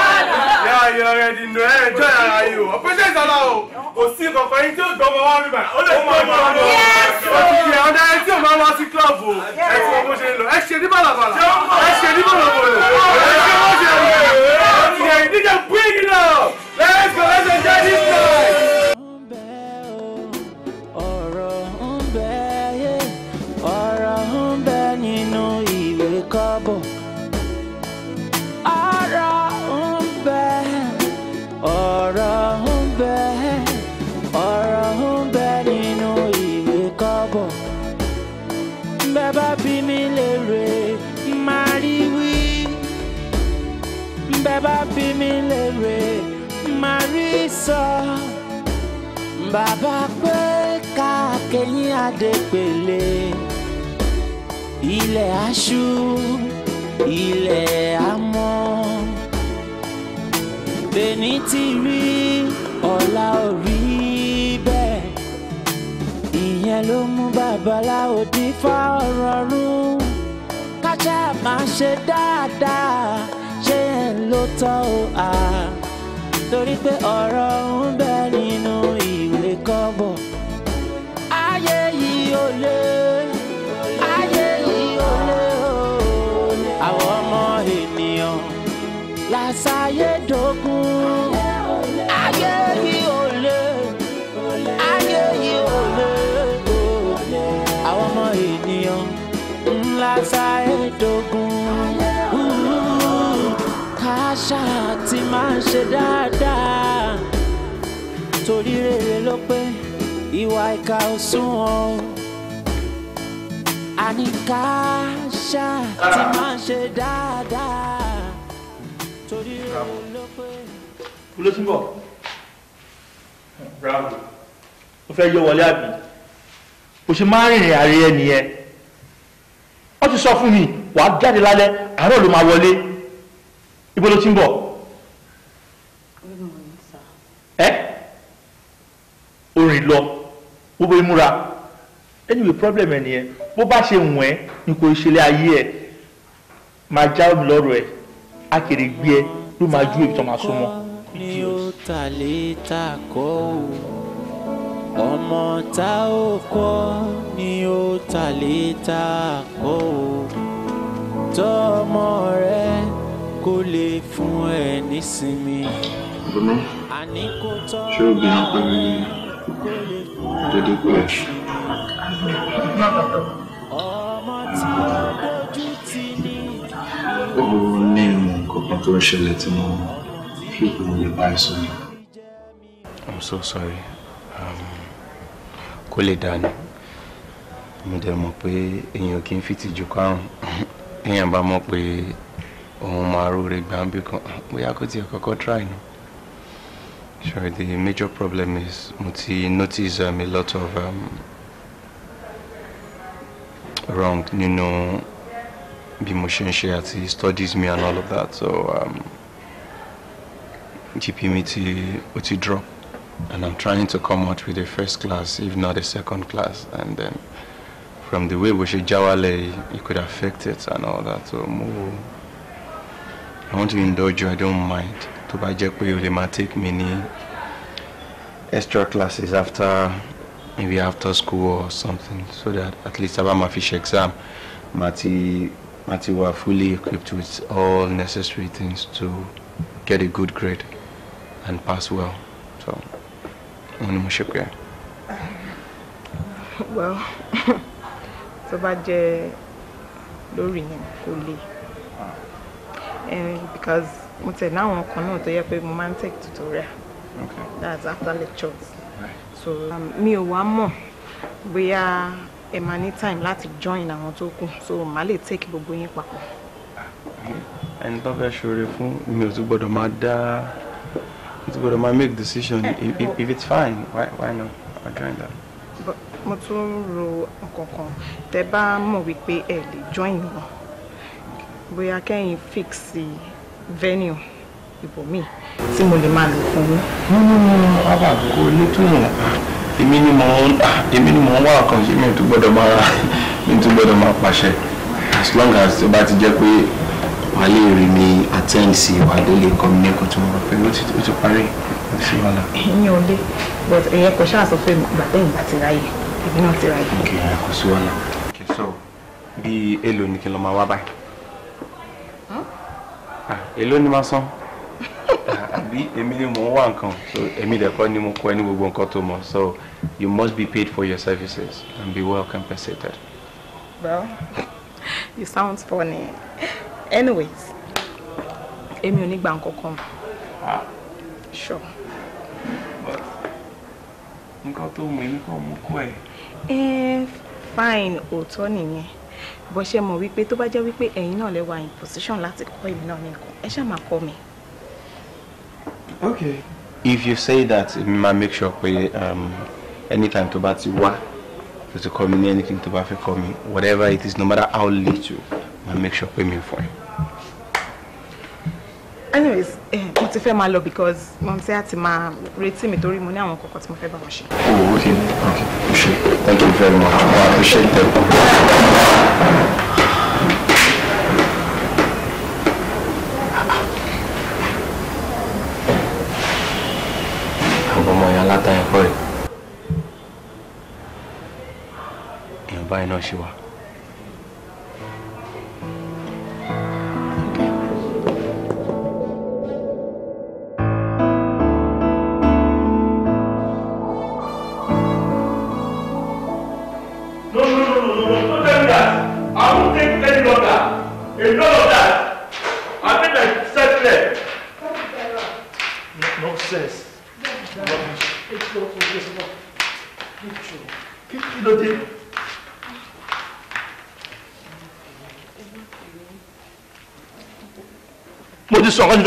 yà yọ rẹ di nù ẹ jọ yàrá yìí o ọpẹṣẹ ìsọlá o kò sí kankan yín tí ó gbọmọ wá mi báyìí ó lè tó ọmọ ọmọ òkìkì àwọn dáhẹ tí ò máa wá sí club o ẹ ti wọ bó ṣe lọ ẹ ṣe ní bàlàbàlà ẹ ṣe ní bàlàbàlà ẹ ṣe bó ṣe lọ ẹ ṣe ìdíje bíi lọ lẹ́yìn kò lẹ́sẹ̀ sọ bàbá pé káàkéyìn adépèlé ilẹ̀ aṣú ilẹ̀ amọ́ bẹ́ẹ̀ni ti rí ọ̀la orí bẹ́ẹ̀ ìyẹn ló mú babaláwo dífá ọ̀rọ̀ rún kájà máa ṣe dáadáa ṣé ẹ̀ ń lótọ́ o àá torí pé ọ̀rọ̀ ń bẹ nínú ìwé kọ́bọ̀. ayé yìí ò lè ayé yìí ò lè àwọn ọmọ ènìyàn làṣàyè dógún. ayé yìí ò lè ayé yìí ò lè àwọn ọmọ ènìyàn làṣàyè dógún ṣá ti máa ń ṣe dáadáa torí rere ló pé ìwà ìka ò sunwọ̀n àní ká ti máa ń ṣe dáadáa torí rere ló pé. kúló túbọ̀ bravo ó fẹ́ yọ wọlé àbí kò ṣe máa ń rìnrìn àárẹ̀ ẹ nìyẹn wọ́n ti sọ fún mi wàá jáde lálẹ́ àárọ̀ ló máa wọlé ibo ló ti ń bọ̀. ẹ orin lọ gbogbo ìmúra anyway problem ẹ nìyẹn bó bá ṣe wọ̀n ẹ́ ni kò ṣẹlẹ̀ ayé ẹ̀ máa já omi lọ́rọ̀ ẹ̀ akèrè gbé ẹ ló máa ju èyí tó máa súnmọ́. ni ó ta lè ta kọ́ o ọmọ tá ò kọ́ ni ó ta lè ta kọ́ o tọ́ ọmọ rẹ̀ kó lè fún ẹ nísinmi. Bùnú, ṣé obìnrin pẹ́ mi dédé pẹ́? Ó ní ìmọ̀ kankan tó ń ṣẹlẹ̀ tí mo fi kún lè bá ẹ sọ I'm so sorry. Um, kó lè dání. Mo dẹ̀ mọ̀ pé èèyàn kì í fi tìjú kárùn-ún. Èèyàn bá mọ̀ pé òun máa rore gbàǹbì kan bóyá kò tiẹ̀ kọ́kọ́ try nù. Sure, the major problem is mo ti notice um, a lot of um, wrong nínú bí mo ṣe ń ṣe àti studies me, and all of that so um, GP mi ti ó ti drop and I'm trying to come out with a first class if not a second class and then from the way bó ṣe jáwálẹ̀ it could affect it and all that so mo. Mm I want to indulge you, I don't mind. to buy jẹ́ pé o lè take me ní extra classes after maybe after school or something so that at least about my fish exam, Mati, Mati were fully equipped with all necessary things to get a good grade and pass well. So, only Mushipke. Well, <laughs> tó bá jẹ́ lórí yẹn kò le. Eh, because mo tẹ̀ láwọn kan náà tó yẹ pé mo máa take tutorial okay. that's after lectures right. so um, mi ò wá mọ̀ bóyá ẹ máa ní time láti join àwọn tó kù so màá lè take gbogbo yín papọ̀. Ah, ẹni tó fẹ́ sure fún mi ò tún gbọ́dọ̀ máa dá mo tún gbọ́dọ̀ máa make decision if, if, if it's fine why, why not I join that. mo tún ro ọ̀kọ̀ọ̀kan tẹ bá mọ̀ wípé ẹ lè join wọn bóyá kẹ́yìn fix venue ibòmíì tí mo lè máa lò fún yín. bàbá àgùkọ onítùmọ̀ èmi ni mò ń èmi ni mò ń wá ọkàn ṣe mi ò tún gbọ́dọ̀ máa mi ò tún máa pàṣẹ as long as tó bá ti jẹ́ pé wà á lè rí mi attend sí wà á lè lè kọ́ mi ní ẹ̀kọ́ tí mo rò pé ó ti parí ó ti wàhálà. ẹ̀yin ò lé but ẹ̀yin kò ṣáà sọ pé gbàtẹ́ ìgbà ti ráyè èmi náà ti ráyè. ok kò sí wàhálà. ok so bí èlò ni kí n lọ máa wá báyìí. Ah, èló ni máa san àbí èmi ni mò ń wá nǹkan so èmi dẹ̀kọ́ ni mo kọ ẹ ní gbogbo nǹkan tó mọ̀ so you must be paid for your services and be well compensated. well you sound funny anyways èmi ò ní gbà nǹkan kan. Ah. sure. but nǹkan tó mú èmi kàn mú kú ẹ eh, fine òótọ́ nìyẹn bọ́ ṣe mọ̀ wípé tó bá jẹ́ wípé ẹ̀yin náà lè in position láti kọ́ èmi náà ní ẹ ṣáà máa kọ́ mi. okay if you say that mi máa make sure pé um, anytime tó bá ti wá tó ti kọ́ mi ní anything tó bá fẹ́ kọ́ mi whatever it is no matter how little máa make sure pé mi ń fọ́ ẹ. anyways eh, mo ti fẹ́ máa lọ because mo ti àti máa retí mi torí mo ní àwọn kọ̀ọ̀kan tí mo fẹ́ bá wọn ṣe. oh okay okay thank you very much i appreciate that. 場合の死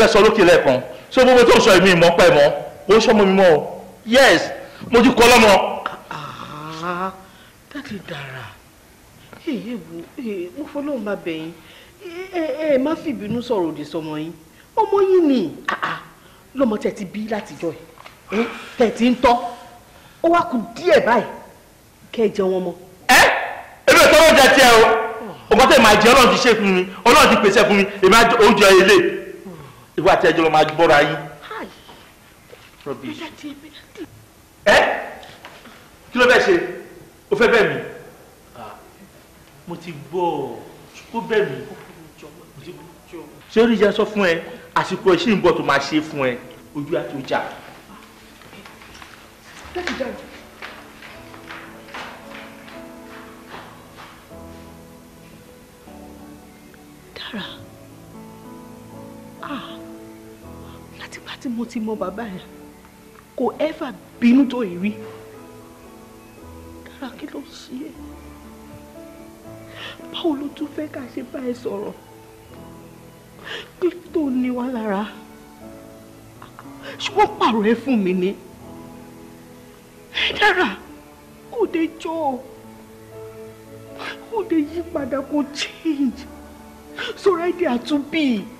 fẹ́ sọ lókè lẹ́ẹ̀kan so gbogbo tó ń sọ èmi ìmọ̀ pẹ́ mọ́ ó sọmọ mi mọ́ o yes mo ti kọ́ lọ́mọ. dáàdi dára èyí wo mo fọlọ́run bá bẹ̀ yín ẹ ẹ má fìbínú sọ̀rọ̀ òdì sọmọ yín ọmọ yín ni ah, ah, lọ́mọ tẹ̀ ti bí látijọ́ ẹ̀ tẹ̀ ti ń tọ́ ó wá kù díẹ̀ báyìí kẹ́ ẹ jẹ wọn mọ́. ẹ ebi ò tọ́wọ́ jẹ tiẹ̀ o ọmọ tẹ̀ máa jẹ ọlọ́run ti ṣe fún mi ọlọ́run ti pèsè fún mi èmi á oúnjẹ ilé ìwé àti ẹjọ́ ló máa bọ́ra yín. ẹ kí ló fẹ́ ṣe o fẹ́ bẹ́ẹ̀ mi ah, mo ti gbọ́ ọ kó bẹ́ẹ̀ mi ṣé orí ìjà sọ fún ẹ àsìkò ẹ ṣì ń bọ̀ tó máa ṣe fún ẹ ojú àti ọjà. àtìgbà tí mo ti mọ bàbá yẹn kò ẹ́fà bínú tó yìí rí dára kí ló ṣe é báwo ló tún fẹ́ ká ṣe bá ẹ sọ̀rọ̀ kílípù tó ní wá lára ṣé wọ́n pààrọ̀ ẹ fún mi ni dára kò dé jọ kò dé yí padà kò change sọ̀rọ̀ ẹ̀ dẹ̀ àtúbí. So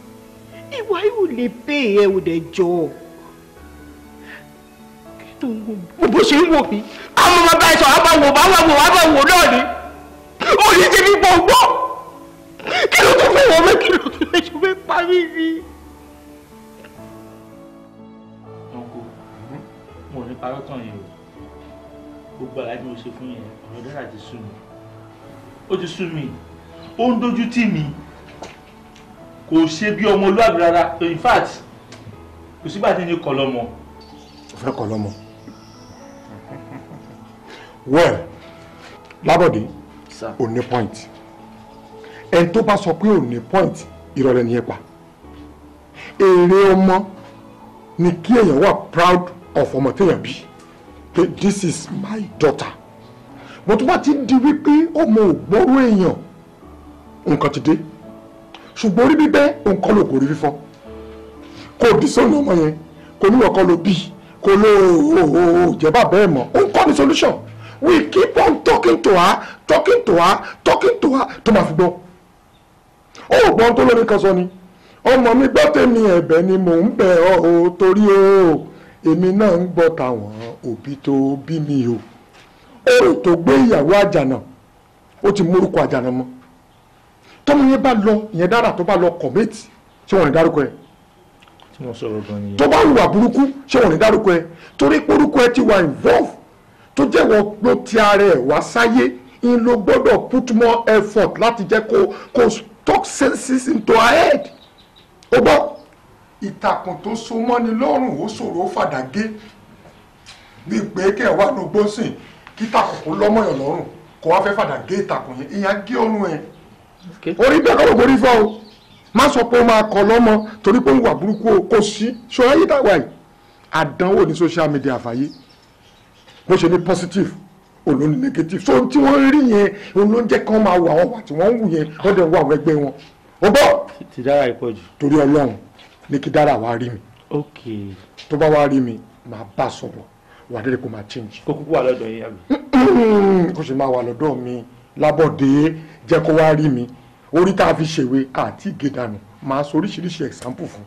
ìwà yóò lè pè é ò dẹ̀ jọ kí ló ń wò mí bó ṣe ń wò mí àwọn ọmọ bá ẹ sọ àbá wò bá wà wò àbá wò náà ni ó ní ti fi gbọ̀ngbọ́ kí ló tún fẹ́ wọ́n mẹ́ kí ló tún fẹ́ ṣe fẹ́ parí mi. mo ní parọ́ tán yẹn o gbogbo àlàyé mo ṣe fún yẹn ọ̀rọ̀ dára ti sú mi ó ti sú mi ó ń dójú tì mí kò ṣe bí ọmọlúwàbí rárá in fact kò sígbà tí ní kọlọmọ. o fẹ́ kọlọmọ well lábọ̀dé ò ní point ẹni tó bá sọ pé ò ní point ìrọ̀lẹ́ ni ẹ pa èrè ọmọ ni kí èèyàn wà proud of ọmọ téèyàn bí pé this is my daughter mo tún bá ti di wípé ọmọ ò gbọ́rú èèyàn nǹkan ti dé ṣùgbọ́n orí bíbẹ́ òun kọ́ ló kò rí fífọ́ kò dì sónú ọmọ yẹn kò ní ọkọ ló bí kò ló jẹ́ bàbá ẹ̀ mọ́ òun kọ́ ni solution we keep on talking to her talking to her talking to her tó máa fi gbọ́ ó gbọ́n tó lórí kan sọ ni ọmọ mi gbọ́ tèmi ẹ̀bẹ̀ ni mò ń bẹ̀ ọ́ o torí o èmi náà ń gbọ́ tàwọn òbí tó bí mi o ó tó gbé ìyàwó àjànà ó ti mórúkọ àjànà mọ́ tọ́mọ yẹn bá lọ ìyẹn dára tó bá lọ kọ̀mẹ́tì ṣé wọ́n ní dárúkọ ẹ̀ tó bá hùwà burúkú ṣé wọ́n ní dárúkọ ẹ̀ torí porúkọ ẹ̀ ti wà involve tó jẹ́ wọ́n ló ti ara ẹ̀ wá sáyé ń lo gbọ́dọ̀ put more effort láti jẹ́ kó kó talk senses into her head ó bọ́ ìtàkùn tó so mọ́ni lọ́rùn ó ṣòro ó fàdágé bí pé kẹ́ wà ló gbósìn kí tàkùn kó lọ́mọ̀yàn lọ́rùn kó wá fẹ́ fàdágé ìtàkùn yẹn ìyẹn á gé ọrùn ẹ̀ orí bẹ́ẹ̀ kọ́ lóko rí fọ́ o má sọ pé ó máa kọ́ lọ́mọ torí pé ó ń wà burúkú o kò sí ṣọ ayé tàwa yìí àdánwò ní social media àfàyè bó ṣe ní positive òun ló ní negative so tí wọ́n rí yẹn òun ló ń jẹ́ kí wọ́n máa wà àwọn wà tí wọ́n ń wù yẹn wọ́n dẹ̀ ń wà àwọn ẹgbẹ́ wọn ó bọ̀ ti dára ìpọ̀ jù torí ọlọ́run ní kí dára wàá rí mi tó bá wàá rí mi màá bá sọ̀rọ̀ wà á dé kó máa change. kó kúkú wà lọ́dọ̀ yìí àbí. Mm-hmm. kó sì máa wà lọ́dọ̀ mi lábọ̀dé jẹ́ kó wá rí mi orí tá a fi ṣèwé àti ìgédànù máa sọ oríṣiríṣi example fún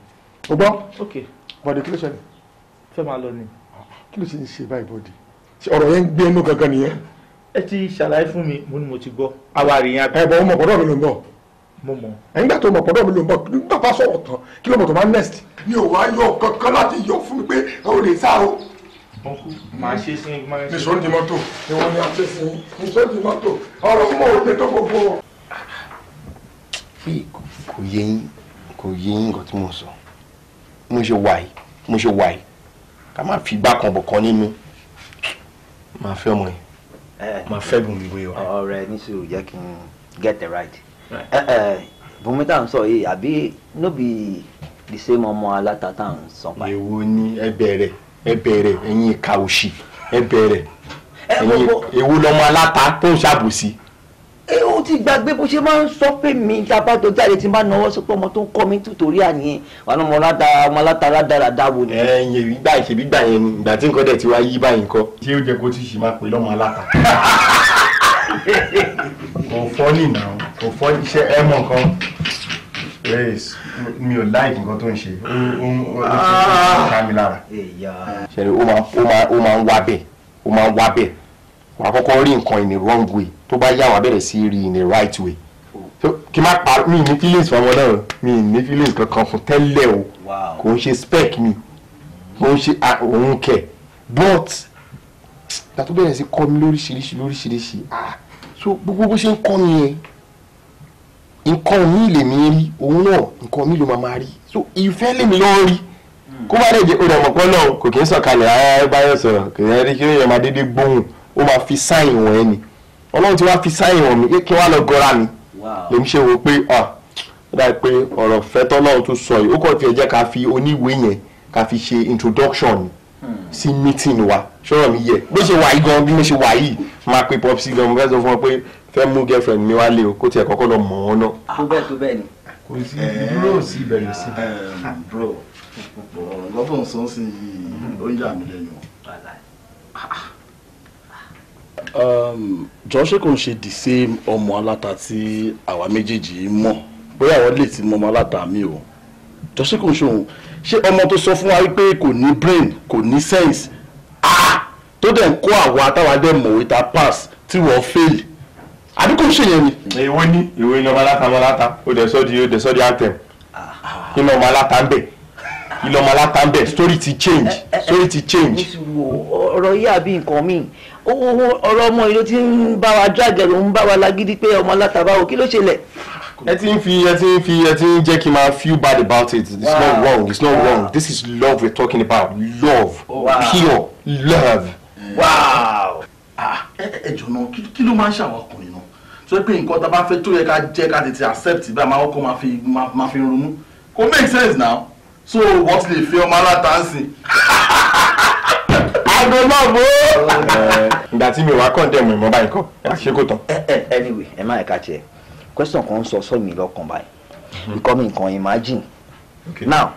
un o gbọ́. ok bọ̀dé kí ló ṣẹlẹ̀. fẹ́ máa lọ ni. kí ló ṣe ń ṣe báyìí bọ̀dé ọ̀rọ̀ yẹn ń gbé inú gangan nìyẹn. ẹ ti ṣàlàyé fún mi mo ni mo ti gbọ́ àwa rèé yẹn. ẹ bọ̀ ọmọ ọ̀pọ̀dọ̀ mi ló ń bọ̀ mo mọ. ẹ̀ńgbà tó mọ̀ pọ̀dọ̀ mi ló ń bọ̀ nígbà bá sọ̀rọ̀ kí ló máa next. mi ò wá yọ kankan láti yọ fún mi pé o lè sá o nìṣó di mọ́tò ìwọ ni àtẹ̀sí nìṣó di mọ́tò ọ̀rọ̀ mọ́ òde tó gbogbo. fi kò yé yín kò yé yín nǹkan tí mo sọ mo ṣe wà yìí mo ṣe wà yìí ká má fi igbá kan bọ̀ kan nínú máa fẹ́ ọmọ yẹn eh, eh. máa fẹ́ gùn gbogbo wa. ọ̀rẹ́ nísìrò jẹ́ kí n get the right eh, bùnmi tá à ń sọ yìí àbí no be the same ọmọ aláta tá à ń sọ èwo ni ẹ bẹ̀rẹ̀ ẹ bẹ̀rẹ̀ ẹ̀yin ìka òṣì ẹ bẹ̀rẹ̀ ẹ̀yin èwo lọmọ aláta tó ń ṣàbòsí. ẹ o ti gbàgbé bó ṣe máa ń sọ pé mi tábà tó jáde tí n bá náwó sọ pé ọmọ tó ń kọ́ mi tòrí àníyàn wọn ọmọ aláta ọmọ aláta aládàradà wo ni. ẹ̀yin ìgbà ìṣèbí gbà yẹn ni ìgbà tí nǹkan dẹ̀ ti wá yí báyìí kọ́. ṣé ó jẹ kó tí ṣì máa pè lọ́mọ aláta kò fọ́ nìyàn kò fọ́ iṣẹ́ ẹ mọ̀ kan mi ò láìkì nǹkan tó ń ṣe ó ká mi lára. ṣẹlẹ ó máa ó máa ń wá bẹ́ẹ̀ ó máa ń wá bẹ́ẹ̀ wàá kọ́kọ́ rí nǹkan in the wrong way tó bá yá wàá bẹ̀rẹ̀ sí rí in the right way kí má pa mi ní feelings fún ọmọ náà mi ní feelings kankan fún tẹ́lẹ̀ o kò ń ṣe spec mi kò ń ṣe òun kẹ̀ but gbà tó bẹ̀rẹ̀ sí kọ́ mi lóríṣiríṣi lóríṣiríṣi ah so gbogbo bó ṣe ń kọ́ mi yẹn nǹkan mi lèmi rí òun náà nǹkan mi ló máa máa rí so ìfẹ́ lèmi náà rí hmm. kó bá dẹ̀ jẹ́ o rẹ̀ mọ̀ pọ́n náà kò kí ń sọ̀kalẹ̀ rárá báyọ̀ sọ̀rọ̀ kò yẹ kí èèyàn máa dédé gbóhùn ó máa fi sáyìn wọ̀n ẹ́ ni ọlọ́run ti wá fi sáyìn wọ̀n mi kí wọ́n á lọ gọ́ra mi lèmi ṣe wò pé ó dáa pé ọ̀rọ̀ fẹ́tọ́ náà tún sọ yìí ó kàn fi ẹ̀jẹ̀ ká fi oníwèé yẹn ká fi ṣe introduction hmm. sí meeting wa ṣọ́rọ̀ mi yẹ bó ṣe wà yìí gan bí mo ṣe wà yìí máa pe pop sí gan mo fẹ́ sọ fún ọ pé fẹ́ mú girlfriend mi wálé o kó tiẹ̀ kọ́kọ́ lọ mọ̀ wọ́n náà. tó bẹ́ẹ̀ tó bẹ́ẹ̀ ni. kò sí dúró sí ìbẹ̀rẹ̀ sí. bro lọ́tọ̀ nsọ́n sí i ó ń yà mí lẹ́nu. jọ̀ọ́ ṣé kò ń ṣe the same ọmọ aláta tí àwa méjèèjì mọ̀ bóyá àwọn lè ti mọ ọmọ aláta mi o jọ̀ọ́ ṣé kò ń ṣe òun ṣé ọmọ tó sọ fún wa wípé kò ní brain kò ní sense ah! tó dẹ̀ ń kó àwa táwa dẹ̀ mọ̀ wíta pass tí wọ́n fail àbí kò ń ṣèyẹn ni. ìwé ní ìwé ní ọmọ aláta ọmọ aláta ó dẹ̀ sọ́ di ó dẹ̀ sọ́ di anthem ah. kí ni ọmọ aláta ń bẹ̀ ilé ọmọ aláta ń bẹ̀ story ti change eh, eh, eh. story ti change. ọ̀rọ̀ yìí àbí nǹkan míì ọ̀rọ̀ ọmọ ìlú ti ń bá wa drágẹ̀ ló ń bá wa lágídí pé ọmọ aláta báwo kí ló ṣẹlẹ̀. ẹ ti ń fi ẹ ti ń fi ẹ ti ń jẹ́ kí n máa feel bad about it it's wow. not wrong it's not wow. wrong this is love we're talking about love oh, wow. pure love. wow. ẹ ẹ jọ̀nà kí ló máa ń ṣàwọn ọkùnrin náà so pé nǹkan tá a bá fẹ́ tó yẹ ká jẹ́ ká tètè accept bí a máa kọ́ máa fi máa fi ronú kò make sense now so wọ́n ti lè fi ọmọ aláta ń sìn. aago náà bó. ìgbà tí mi ò wá kọ́ńdẹ̀mù ìmọ̀ báyìí kọ́ àṣé kò tán. Eh, eh, anyway ẹ má ẹ̀ka tiẹ̀ question kan sọ sọ mi lọ́kàn báyìí because mhm. mi nǹkan imagine okay. now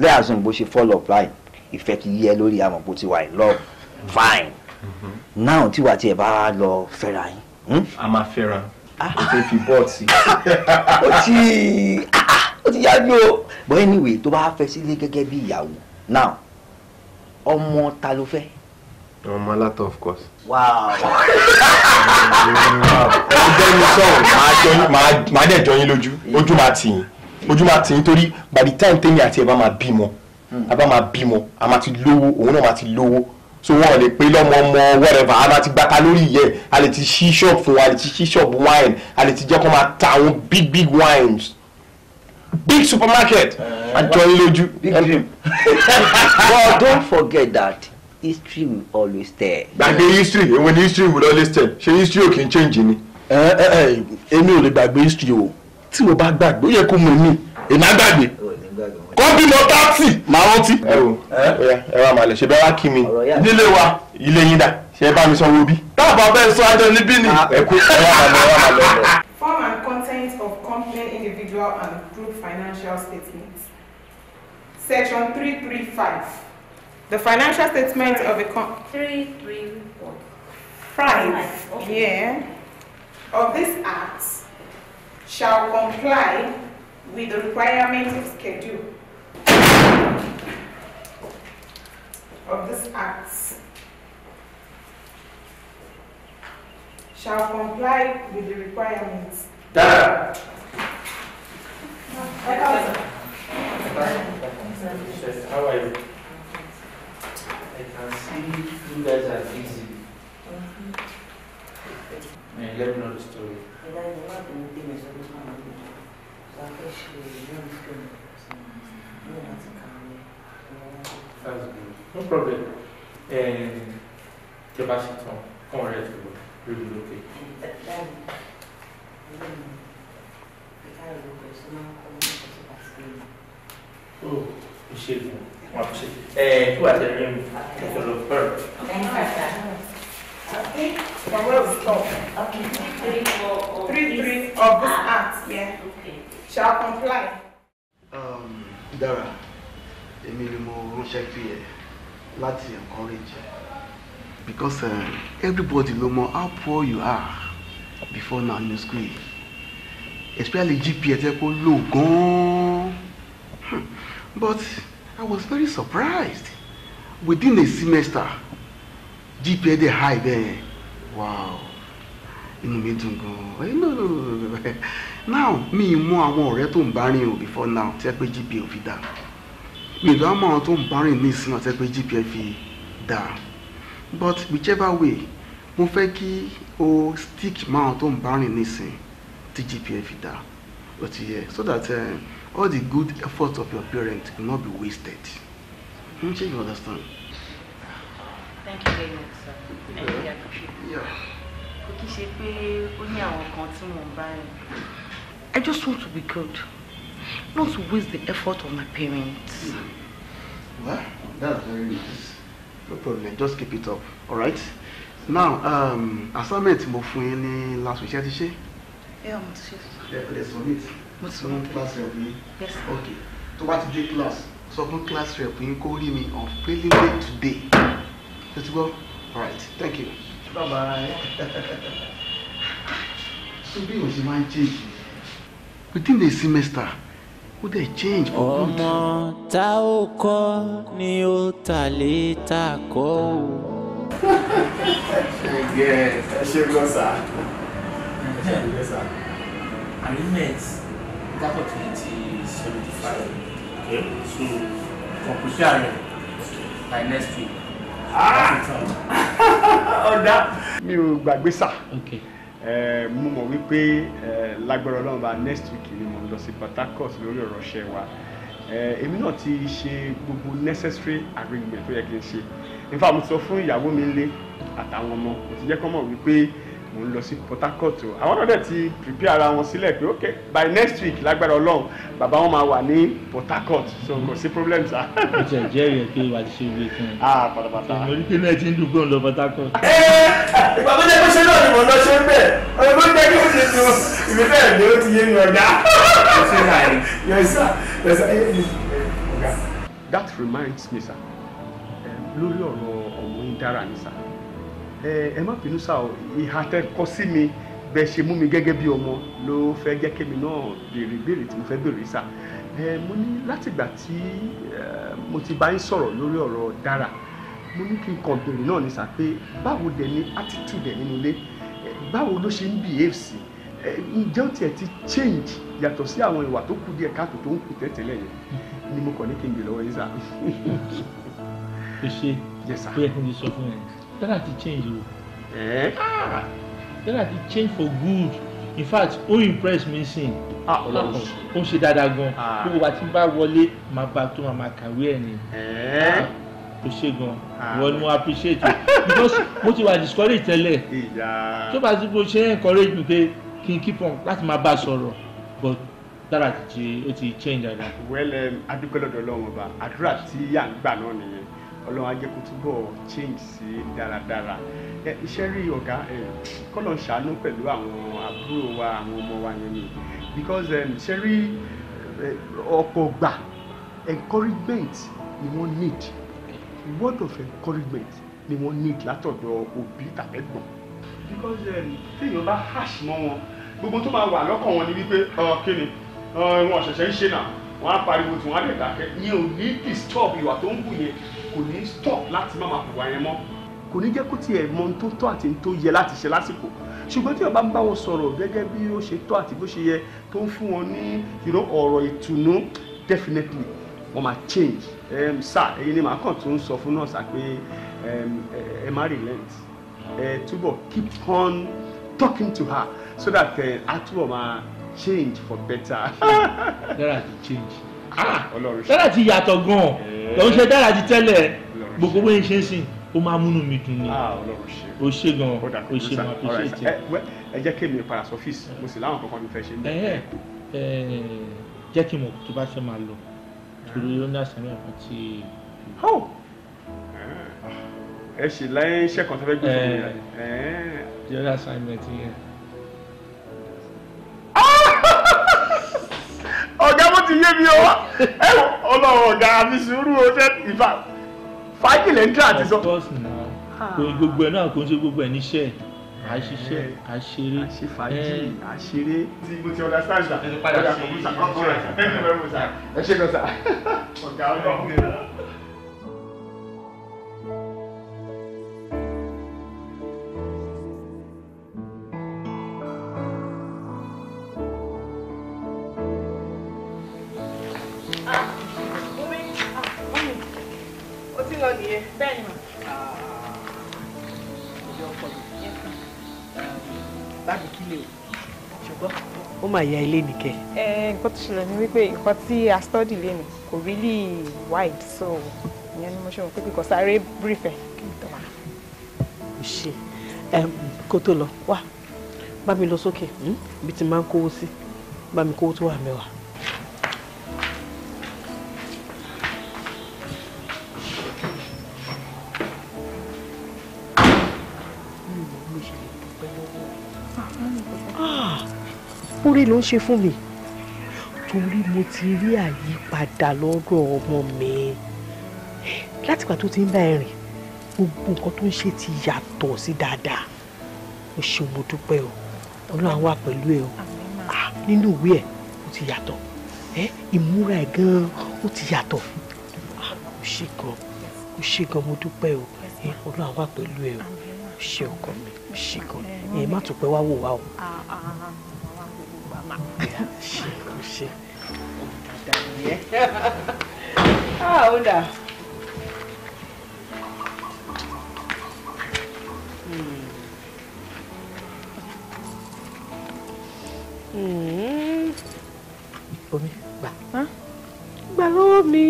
lẹ́yàsùn bó ṣe follow up line ìfẹ́ ti yẹ lórí àmọ̀ bó ti wà in love mhm. fine mhm. now tí wàá tiẹ̀ bá lọ fẹ́ra yín Hmm? a máa fẹ́ra ètò ah. ìfi bọ́ọ̀tì. <laughs> ó ti ah, ah, ó ti yájú o but anyway tó bá fẹ́ sílé gẹ́gẹ́ bí ìyàwó now ọmọ ta ló fẹ́. ọmọ alátọ of course. wow. ọjọ́ mi sọ̀rọ̀ màá dẹ̀ jọyín lójú ojú máa tì yín ojú máa tì yín torí by the time tèmi àti ẹ̀ bá máa bímọ hmm. a bá máa bímọ a máa ti lówó òun náà máa ti lówó so wọn ò lè pe lọ́mọ ọmọ whatever a máa ti gbata lórí yẹ a lè ti ṣí shop fún wa a lè ti ṣí shop wine a lè ti jẹ́ kó máa ta àwọn big big wines big supermarket àjọyìn eh, lójú. but <laughs> don't forget that history will always tell. gbàgbé history èwo ni history will always tell ṣé history ò kì í change ni. Eh, eh, èmi ò lè gbàgbé history o tí mo bá gbàgbé ó yẹ kó mọ̀ mí èmi á gbàgbé wọ́n bímọ tátì máa rántí. ẹ ẹ wá màlẹ̀ ṣe bẹ́ẹ̀ wá kí mi nílé wa ilé yín dà ṣe bá mi sọ bí. táàbà bẹ́ẹ̀ sọ ajọ níbí ni. ẹ kú ẹ wá màlẹ̀ ẹ wá màlẹ̀ ẹ. Form and contents of company individual and group financial statements. Section three three five. The financial statement of a com. Three three Five. Yeah. Of this act shall comply with the requirements of schedule of this act shall comply with the requirements. That. How are you? I can see you guys are busy. May let me know the story. Mm -hmm. faz um, um problema. É, que eu então, com o resto do biblioteca. Oh, excuse me. o possível. É, o é terreno que eu vou o Okay, stop. three, three, of yeah. Shall comply. Um, Dara. èmi ni mo ránṣẹ́ fi ẹ̀ láti encourage ẹ̀ because uh, everybody ló mọ how poor you are before now in school especially GPA tẹ́ kó lò gan-an hmm. but I was very surprised within a semester GPA dey high there. wow inú mi dùn gan-an eh, no no no no now mi mú àwọn ọ̀rẹ́ tó ń bá rìn o before now tẹ́ pé GPA ò fi dà pẹ̀lú àmọ́ àwọn tó ń bá rìn ní ìsìn ọ̀sẹ̀ pé gpf dà but whichever way mo fẹ́ kí o stick mọ́ àwọn tó ń bá rìn ní ìsìn tí gpf dà ó ti yẹ so that uh, all the good efforts of your parents will not be wasted n ṣe you understand. thank you very much sir i really appreciate it. kò kí ṣe pé ó ní àwọn kan tí mò bá rìn. i just want to be good not to waste the effort of my parents. Well, that's very nice. No problem. Just keep it up. All right. Now, um, assignment mo fún yín ní last week. Ṣé Yeah, mo ti ṣe. Yeah, submit. Mo Class rep Yes. Okay. Tó bá ti class, sọ fún class rep yín calling me on failing day today. Let's go. gbọ́? All right. Thank you. Bye bye. <laughs> So be mo ṣe máa change within the semester ó dẹ̀ change for good. ọmọ tá ó kọ́ ni ó tà lé tà kọ́ o. ṣe ṣe gbọ́ sá ṣe gbọ́ sá. agreement dákọ̀ tó ti seventy five okay so conclusion rẹ̀ by next week. Ah! <laughs> ọ̀dà mi ò gbàgbé sá. okay mo mọ̀ wípé lágbára ọlọ́run bá next week ni mo lọ sí Port Harcourt lórí ọ̀rọ̀ iṣẹ́ wa èmi náà ti ṣe gbogbo necessary agreement tó yẹ kí n ṣe in fact mo sọ fún ìyàwó mi nílé àtàwọn ọmọ kò ti jẹ́ kọ́ mọ̀ wípé mò ń lọ sí Port Harcourt o àwọn náà ti prepare ara wọn sílẹ̀ pé ok by next week lágbára Ọlọ́run bàbá wọn máa wà ní Port Harcourt so kò sí problem sa. o jẹ jẹrìí ẹ pé wà ti ṣe ibi kan. ah pátápátá. èmi orí pínlẹ̀ ti ń dùn gbọ́n lọ Port Harcourt. ẹ eh, ẹ ìgbà jẹ́ pé náà ni mò lọ ṣe ń bẹ̀ ọ̀rọ̀ tó jẹ́ kí ó ṣe tó ìlú bẹ́ẹ̀ ni ó ti yé mi ọ̀gá. Eh, eh, that reminds me sir lórí ọ̀rọ̀ ọ̀mú dára ni sir ẹ má bínú sá o ìhà tẹ kọ sí mi bẹ́ẹ̀ ṣe mú mi gẹ́gẹ́ bí ọmọ ló fẹ́ jẹ́ kémi náà béèrè béèrè tí mo fẹ́ béèrè sá ẹ mo ní látìgbà tí mo ti bá yín sọ̀rọ̀ lórí ọ̀rọ̀ dára mo ní kí n kàn béèrè náà ní sá pé báwo dẹ̀ ni attitude ẹ̀ nínú ilé báwo ló ṣe ń behave sí ǹjẹ́ ó tiẹ̀ ti change yàtọ̀ sí àwọn ìwà tó kù díẹ̀ káàtó tó ń kù tẹ́tẹ́lẹ̀ yẹn ni mo kàn ní kí n gbè lọ́wọ́ yín sá. ẹ ṣe bóyá kí ti sọ fún ẹ Dada ti change o. Eh? Ah, Dada ti change for good. In fact, ó impress me sin. Ah, ó ṣe dáadáa gan. Ah. Gbogbo wa ti bá wọlé, máa bá tó máa kàwé ẹ̀ ni. Eh? Ah, ó ṣe gan. Ìwọ ni mo appreciate you Because mo ti wà discourage tẹ́lẹ̀. Tó bá ti bó ṣe encourage mi pé kí n keep on láti máa bá a sọ̀rọ̀. But dára ti ṣe ó ti change dáadáa. Wẹ́lẹ̀ um, adúgbò lọ́dọ̀ Ọlọ́run ọba, àdúrà tí yà ń gbà náà nìyẹn ọlọ́run á túbọ̀ change sí dáradára iṣẹ́ rí ọ̀gá kọ́lọ̀ ṣàánú pẹ̀lú àwọn àbúrò wa àwọn ọmọ wa yẹn ni because iṣẹ́ rí ọ̀pọ̀ gbà encouragement ni wọ́n need word of encouragement ni wọ́n need látọ̀dọ̀ òbí tàbẹ́gbọ̀n because téèyàn bá hash mọ́ wọn gbogbo tó máa wà lọ́kàn wọn ni wípé kí ni wọn ṣẹ̀ṣẹ̀ ń ṣe náà wọn á pariwo tí wọn á lè dákẹ́ yẹn ò ní disturb ìwà tó ń bù yẹn kò ní stop láti má máa hùwà yẹn mọ́ kò ní jẹ́ kó tiẹ̀ mọ ohun tó tọ́ àti ohun tó yẹ láti ṣe lásìkò ṣùgbọ́n tí o bá ń bá wọn sọ̀rọ̀ gẹ́gẹ́ bí ó ṣe tọ́ àti bó ṣe yẹ tó ń fún wọn ní ọ̀rọ̀ ìtùnú definitely wọ́n máa change sir èyí ni màá kàn tún sọ fún nọ́ọ̀sà pé ẹ má relent ẹ túbọ̀ keep on talking to her so that uh, a túbọ̀ máa change for better. there are the change. Ah, dára ti yàtọ̀ gan-an ló eh. ń ṣe dára ti tẹ́lẹ̀ gbogbo bóyá ṣe ń sìn ó máa múnú mi dùn ni ah, ó ṣe gan-an ó ṣe máa fi ṣe tiẹ̀. Eh, ẹ jẹ́ kí èmi padà sọ́fíìsì mo sì láwọn kankan mi fẹ́ ṣe bẹ́ẹ̀. Eh, jẹ́ kí n mọ̀ tó bá fẹ́ máa lọ torí ó ní àṣà mẹ́rin kan tí. Ah, ẹ ṣì láyé iṣẹ́ kan tó fẹ́ gbé fún mi. the assignment yẹn. Yeah. ọ̀gá mo ti yé mi o ẹ ọlọ́run ọ̀gá mi sùúrù o ṣe ìfà fàájì lè ń tẹ́ àti sọ. gbogbo ẹ náà kò ń ṣe gbogbo ẹ níṣẹ́ àṣìṣe àṣeré àṣefàájì àṣeré. tí mo ti ọ̀dà sáǹsà ọ̀dà kò mú sà ọ̀kọ̀ rẹ̀ ẹ̀ ṣe lọ sà ọ̀gá ọlọ́run. ti lọ nìyẹn. bẹ́ẹ̀ ni mà. ìjọ ọkọ mi báàgì kílè o ṣùgbọ́n ó mà ya ilé nìkẹ́. ẹ nǹkan tó ṣẹlẹ̀ ni wípé nǹkan tí a study lé kò really wide so ìyẹn ni mo ṣe wọn pé kò sáré brief ẹ kí n tọ́ wa. kò ṣe kó tó lọ wá bá mi lọ sókè bí ti máa ń kówó sí bá mi kówó tó wà mẹ́wàá. orí ló ń ṣe fún mi torí mo ti rí àyípadà lọ́dọ̀ ọmọ mi látìgbà tó ti ń bá ẹ rìn gbogbo nǹkan tó ń ṣe ti yàtọ̀ sí dáadáa o ṣeun mo dúpẹ́ o ọlọ́run wà pẹ̀lú ẹ o ah, nínú ìwé ẹ o ti yàtọ̀ ẹ ìmúra ẹ gan o ti yàtọ̀ ah, o ṣe gan o ṣe gan mo dúpẹ́ o ọlọ́run wà pẹ̀lú ẹ o ṣe ọkọ mi o ṣe gan ẹ má tún pẹ́ wá wò wá o. Ah, mà. ṣe kò ṣe òdàdà nìyẹn ah ó dà. omi gbà. gbà lọ́wọ́ mi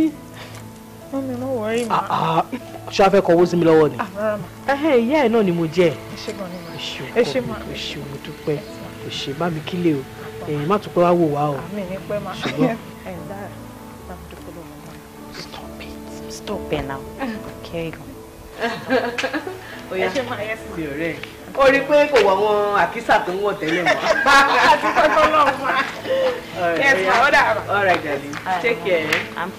wọ́n mi mọ̀ wọ́rí mi. ṣé wàá fẹ́ kọ owó sí mi lọ́wọ́ ni. Ah, ìyá ẹ̀ náà ni mo jẹ́ ẹ̀. ẹ ṣe mọ̀ ẹ ṣe mọ̀ ẹ ṣe mo dúpẹ́ ẹ ṣe bá mi kílè o èyí eh, má tún pé wá wò wá o ṣùgbọ́n. <laughs> stop it stop it now carry on. <laughs> oya bí ọ̀rẹ́ ó rí i pé kò wọ àwọn àkísà tó ń wọ̀ tẹ́lẹ̀ mọ́. àti kọ́kọ́ lọ́wọ́ ma. yes ma ó dà. all right darling take care.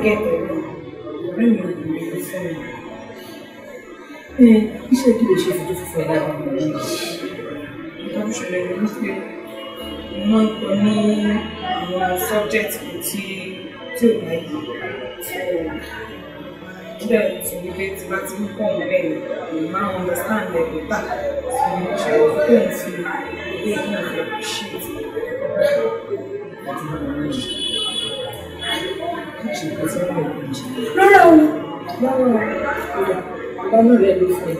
get the room. When you will be before me. Eh, you should do the shift to for that one. Don't you let me say, mo kò ní àwọn subject tí tí ò bá yìí tó bẹ́ẹ̀ tí mo gbé tí bá ti ń pọ̀ bẹ́ẹ̀ ni máa ń understand ẹ̀ tó tà tí mo ṣe òfin tí ilé ìgbà ṣe ti rárá o rárá o ọmọ rẹ ló fẹ́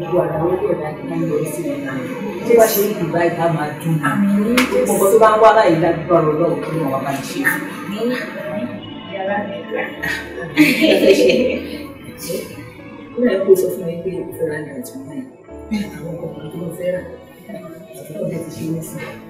gbogbo àdáwọ́ bẹ̀rẹ̀ láti ń lọ sí ìlànà tí wàá ṣe ìdìbò ìta máa dùn gbogbo tó bá ń wá láyé lágbára ọlọ́run kí wọ́n wá bá ṣe. ó yẹ kó sọ fún mi pé ìfura ni àtúntò yìí àwọn ọkọ̀ tó ń fẹ́ràn ọkọ̀ ti ṣe é sí i.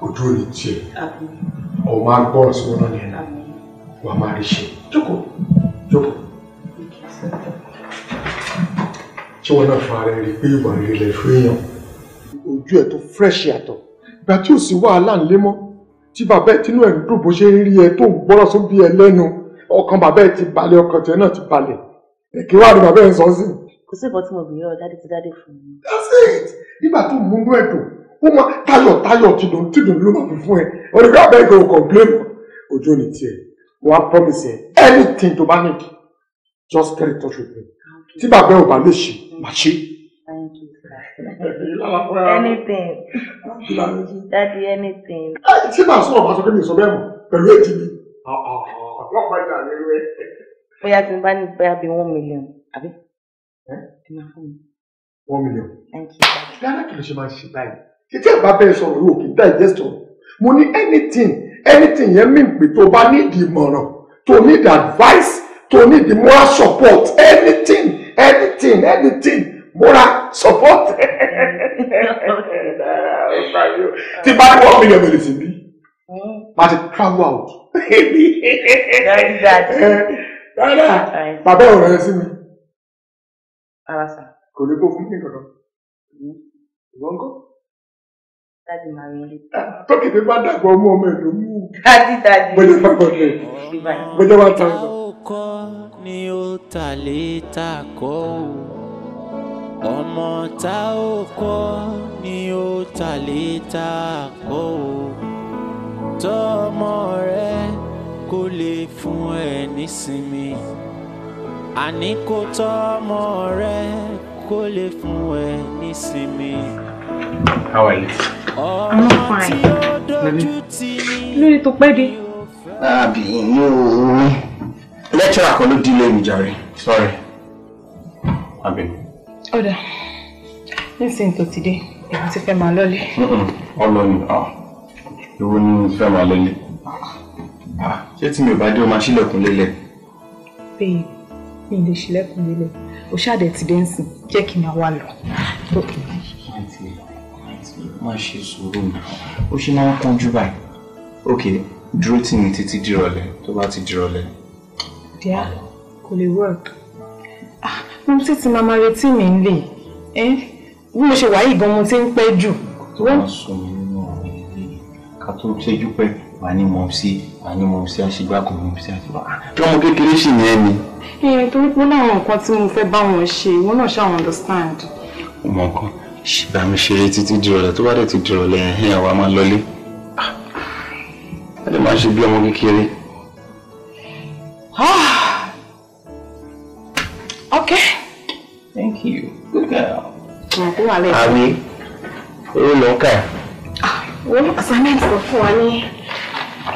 kò dúró ní tiẹ̀ ọ̀ máa gbọ́rọ̀ sí wọn náà ní ẹ̀nà wàá máa rí ṣe jókòó jókòó tí wọn náà fara rí pé ìwà rere fún èèyàn. ojú ẹ tó fresh yàtọ̀ ìgbà tí ò sí wàhálà ńlẹ mọ́ tí bàbá ẹ tínú ẹ ń dùn bó ṣe ń rí ẹ tó ń gbọ́rọ̀ sóun bí ẹ lẹ́nu ọkàn bàbá ẹ ti balẹ̀ ọkàn tiẹ̀ náà ti balẹ̀ èké wà ní bàbá ẹ ń sọ sí. kò sí ìbọn tí mo gbìyànjú dáadé ti dáadé fún mi. that's it nígbà tó mú inú ẹ dùn wọ́n máa tayọ̀ tayọ̀ tìdùn tìdùn ló máa fi fún ẹ eh. olùkọ́ abẹ́rẹ́ go complain Ojo ni tiẹ̀ wọ́n promise ẹ anything to bá just get in touch with me tí bàbá ò bá lè ṣe má ṣe. anything daddy anything. tí màá sọ̀rọ̀ màá sọ pé mi sọ bẹ́ẹ̀ mọ̀ pẹ̀lú èjì mi. Ah, ah, ah. bóyá tí n bá ní bóyá bíi one million àbí. one million. thank you. kí ló ṣe máa ń ṣe báyìí títí àbá bẹ́ẹ̀ sọ̀rọ̀ yóò kì í digest mo ní anything anything yẹn mí pé tó bá need ìmọ̀ràn tó need advice tó need moral support anything anything anything moral support <laughs> tí bá ní one million million sí bí má ti travel out. dáadáa bàbá ẹ̀ rẹ̀ sí mi kò lè kó fún mi kankan ìwọ ń go dájú máa rí ilé. tókìdé bá dàgbà ọmọ ọmọ ẹ ló mú. dájú dájú bójú bá gbọdọ bójú bá tán. àwòkọ́ ni ó ta lè ta kọ́ o ọmọ tá ò kọ́ ni ó ta lè ta kọ́ o tọ́mọ rẹ kó lè fún ẹ nísinmi àní kó tọ́mọ rẹ kó lè fún ẹ nísinmi. How are you? I'm not fine. Baby. Lórí tó baby. dé. Àbí inú orí. Lẹ́tírà kan ló di ilé mi jàre. Sorry. Àbí. Ọ̀dà, nísìnyí tó ti dé, èmi ti fẹ́ mm lọ́lé. Ọlọ ni, ewu ah, ni mo fẹ́ máa lọ́lé. Ah, ṣé tí mi ò bá dé o máa ṣílẹ̀kùn lélẹ̀? Bẹ́ẹ̀ mi ò lè ṣílẹ̀kùn lélẹ̀. O ṣáà dẹ̀ ti dẹ́nsìn, jẹ́ kí n máa wá lọ. Ah, okay má ṣe sùúrù mi ó ṣe máa ń kánjú báyìí ok dúró tì mí títí dìrọ̀lẹ́ tó bá ti dìrọ̀lẹ́. díà kò lè work ah, mo ti ti máa máa retí mi nílé bí mo ṣe wà yìí gan mo ti ń pẹ́ jù. tó bá sọ mi nínú ọ̀rọ̀ ilé ká tó ṣẹ́jú pẹ́ wà ní mọ̀ sí wà ní mọ̀ sí àṣegbá mọ̀ sí àṣegbá. lọ́mọ kékeré sì ni ẹni. ìyẹn torí pé ó láwọn nǹkan tí mo fẹ́ bá wọn ṣe ìwọ náà ṣáà understand. mo mọ nǹkan ṣìbá mi ṣeré títí dìrọ̀lẹ́ tó bá dẹ̀ ti dìrọ̀lẹ́ ẹ̀hìn àwa máa lọlé ah, a lè máa ṣe bí ọmọ kékeré. Ah! ok. thank you good girl. ọ̀pọ̀ wà lẹ́yìn. àmì owó ló ń kà. Ah, wọ́n assignment lọ fún wa ní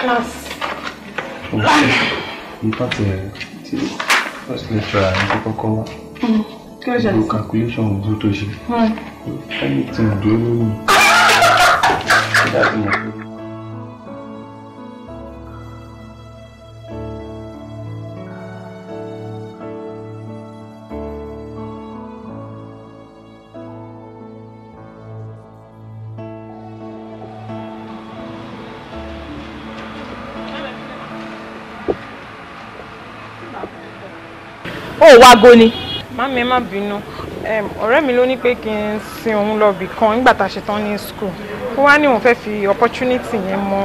class. nípa tí tí first lecturer ní kọ́kọ́ wá. Hmm, kí ló ṣe àìsàn. calculation ogun tó ṣe. Hmm ẹni tí mo dúró lónìí ṣe dájú mo pé. ó wá goni ọ̀rẹ́ mi ló ní pé kí n sin òun lọ bì kan nígbà tá a ṣetán ní school ó wá ní òun fẹ́ fi opportunity yẹn mọ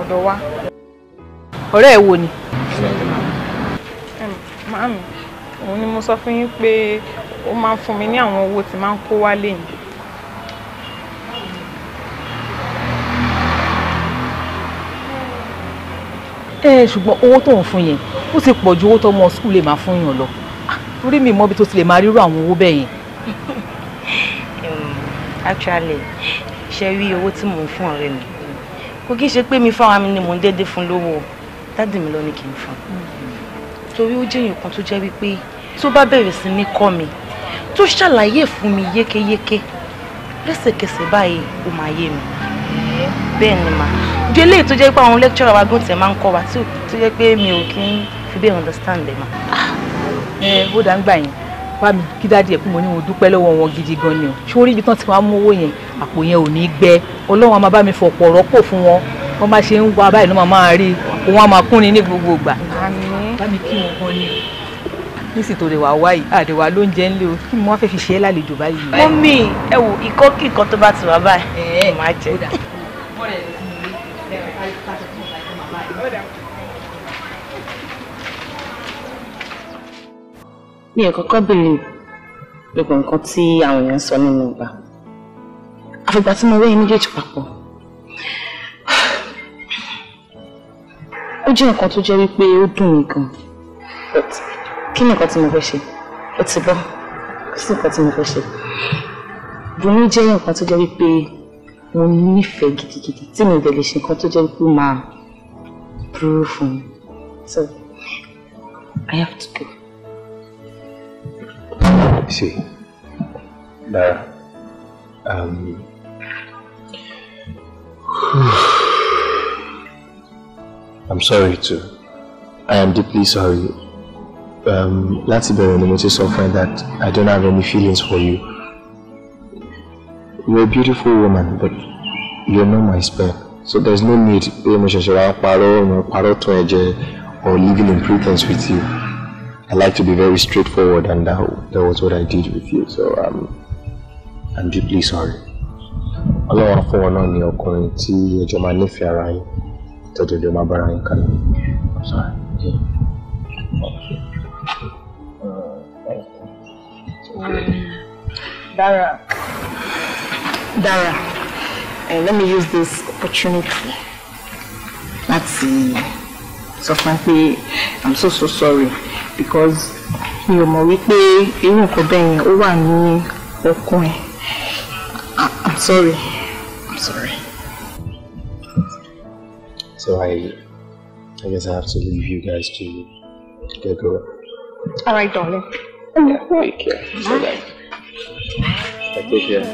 ọ̀dọ̀ wa. ọ̀rẹ́ ẹ̀ wo ni. màámi òun ni mo sọ fún yín pé ó máa ń fún mi ní àwọn owó tí máa ń kó wálé yìí. ẹ ṣùgbọ́n owó tó ń fún yẹn ó ti pọ̀ ju owó tó ọmọ skul lè máa fún yàn lọ torí mi mọ bí tó ti lè máa ríru àwọn owó bẹ́ẹ̀ yẹn. Hmm, actually ṣe rí owó tí mò ń fún ọ̀rẹ́ mi kò kí n ṣe pé mi fáwọn mi ni mò ń dédé fún lówó dádì mi lọ ni kì í fún torí ó jẹ́ èèyàn kan tó jẹ́ wípé tó bá bẹ̀rẹ̀ sí ní kọ́ mi tó ṣàlàyé fún mi yékéyéké lẹ́sẹ̀kẹsẹ̀ báyìí ó máa yé mi bẹ́ẹ̀ ni mà ju eléyìí tó jẹ́ pé àwọn lecturer wa gùn tẹ̀ máa ń kọ́ wa tó jẹ́ pé mi ò kí ń fi bẹ́ẹ̀ understand ẹ̀ mà ó dá ń gbà yẹn bá mi kí dáadé ẹ̀ pé mo ní mo dúpẹ́ lọ́wọ́ wọn gidi gan ni o sórí ibi tán ti máa ń mówó yẹn àpò yẹn ò ní gbẹ ọlọ́run á máa bá mi fọ̀pọ̀ rọ́pò fún wọn wọ́n máa ṣe ń wá báyìí ló máa máa rí òun á máa kún ni ní gbogbo ìgbà bá mi kí wọn gan ni nísì tó lè wá wáyìí àdèwà ló ń jẹ ń lé o kí ni wọn fẹ́ fi ṣe é lálejò báyìí. mọ́mì ẹ wo ìkọ́kì kan tó bá ti wá báyìí máa jẹ. mi ò kọ́kọ́ bèèrè gbogbo nǹkan tí àwọn èèyàn sọ nínú ìgbà àfìgbà tí mo wé méjèèjì papọ̀ ó jẹ́ nǹkan tó jẹ́ wípé ó dùn mí gan but kí ni nǹkan tí mo fẹ́ ṣe ó ti bọ́ kí sí nǹkan tí mo fẹ́ ṣe Bùnmi jẹ́ nǹkan tó jẹ́ wípé mo nífẹ̀ẹ́ gidigidi tí mi ìbẹ̀lẹ̀ ṣe nǹkan tó jẹ́ wípé máa burú fún mi so I have to go. You see, Naira, um, <sighs> I'm sorry too. I am deeply sorry. Um, láti bẹ̀rẹ̀ ni mo sọ that I don't have any feelings for you. You're a beautiful woman but you're not my spare. So there's no need to be ṣẹ̀ṣẹ̀ wá parọ́ parọ́ or living in pretense with you. I like to be very straightforward, and that, uh, that was what I did with you. So um, I'm deeply sorry. Ọlọ́run fún wọn náà ní ọkùnrin tí ẹjọ́ máa nífẹ̀ẹ́ ara yín tẹ́jọ́ jọ máa bára yín kalẹ̀. I'm sorry. Dara. Dara, uh, let me use this opportunity láti sọ fún pé I'm so so sorry. because you know, my wípé irú nǹkan bẹ́ẹ̀ yẹn ó wà i ah, I'm sorry I'm sorry. So I I guess I have to leave you guys to get going. All right, darling. Yeah, take care. Bye. Take care.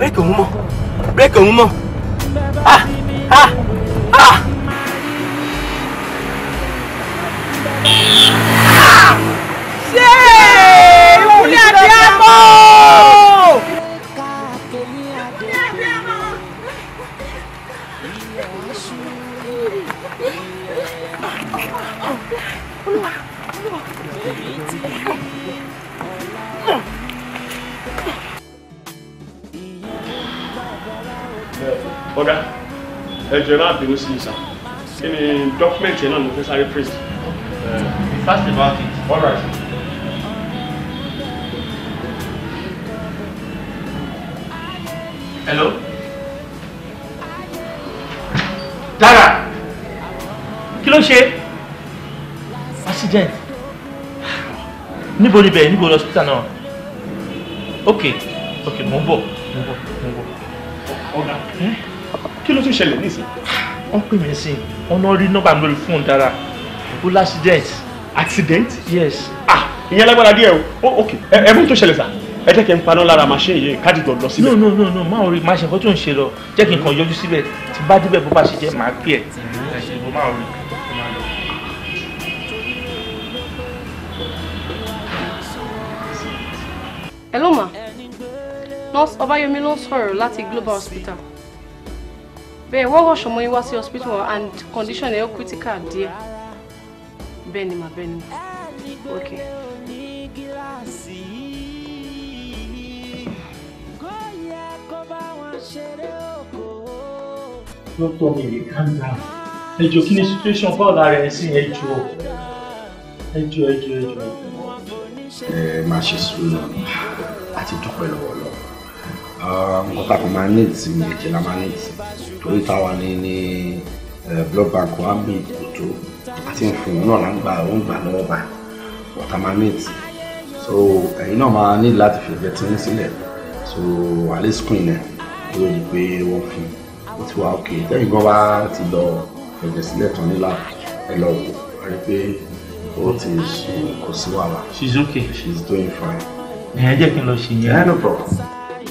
break òun mọ́ break òun mọ́ ah ah. preach náà mo fẹ́ sáré praise. be uh, fast about it. all right. hello. Dara Kilo ló accident níbo níbẹ̀ níbo hospital náà Okay, okay, mo ń bọ̀ Oga. Kilo bọ̀ mo ń wọ́n pè mí sí ọ̀nà rí nọ́mbà mi lórí fóònù dára ó l'accident. accident. yes. ah ìyẹn lágbára díẹ̀ o oh, ok ẹ mú tó ṣẹlẹ̀ sá ẹ jẹ́ kí n paná lára machine yìí káàdì gbọ̀ngàn síbẹ̀. no no no no máa rí máa ṣe nǹkan tó ń ṣe lọ jẹ́ kí n kàn yọjú síbẹ̀ tí bá débẹ̀ bó bá ṣe jẹ́ màá pè ẹ́. hello ma nurse ọbáyọmí ló ń sọ̀rọ̀ láti global hospital bẹ́ẹ̀ wọ́n wọ̀ ṣọmọ yín wá sí hospital and condition ẹ̀ critical díẹ̀ bẹ́ẹ̀ ni mà bẹ́ẹ̀ ni ok. dókítà mi lè calm down ẹ jọ̀ọ́ kí ni situation báwo lára ẹ sí ẹ jọ̀ọ́ ẹ jọ̀ọ́ ẹ jọ̀ọ́ ṣe sùúrù àti dúpẹ́ lọ́wọ́lọ́wọ́ nǹkan tá a kàn máa ní ìdí sí méjì la máa blood bank wa ń bí ìkòtò àti ìfòyín náà là gba òun gbà lọ́wọ́ bá ọ̀tá máa so ẹ̀yin náà máa ní láti fi ẹ̀jẹ̀ tí ń so àlẹ́ screen ẹ̀ kúrò ní pé wọ́n fún un ó ti wá òkè tẹ́yìn gan bá ti lọ ẹ̀jẹ̀ sílẹ̀ tán nílà ẹ̀ lọ wò á rí pé ó ti sùn kò sí wàhálà she's okay she's doing fine. ẹ̀yà jẹ́ kí n lọ ṣe yẹn. no problem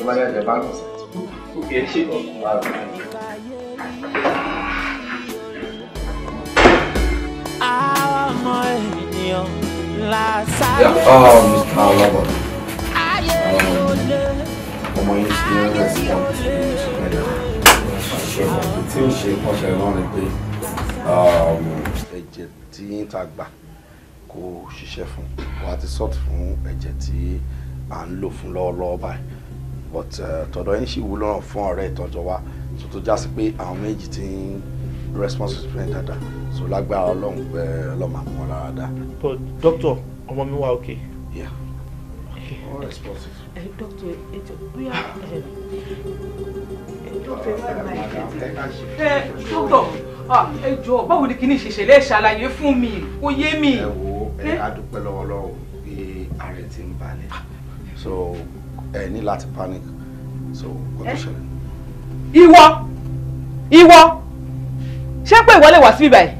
ló bá yàjẹ́ bá lọ sí i ṣe ọkùnrin àrùn. Yeah, um, I love her. Um, ọmọ yìí ti ń rẹ̀ sí ọmọ tí ó ṣe mẹ́ta. Ṣùgbọ́n tí ó ṣe kọ́ṣẹ́ náà ni pé um, ẹ̀jẹ̀ tí yín ta gbà kó ṣiṣẹ́ fún wa ti sọ́ọ̀tì fún ẹ̀jẹ̀ tí à ń lò fún lọ́wọ́lọ́wọ́ báyìí but uh, tọ̀dọ̀ yín sì wúlò ràn fún ọ̀rẹ́ ìtọ́jọ́ wa tó já sí pé àwọn méjì ti ń responsible fún ẹ̀ dáadáa so lágbára ọlọ́run pé ọlọ́run máa mú wọn lára dá. but doctor ọmọ mi wà okay. yeah all responsive. ẹ eh, doctor ẹ jọ bóyá ẹ doctor ẹ doctor ah, ẹ jọ báwo ni kinní ṣe ṣẹlẹ̀ ṣàlàyé fún mi kò yé mi. ẹ wo ẹ eh? adúpẹ́ lọ́wọ́ lọ́wọ́ pé ààrẹ ti ń balẹ̀ ah. so ẹ ní láti panic so kò tó eh? ṣẹlẹ̀. ìwọ ìwọ ṣé pé ìwọ lè wá síbí báyìí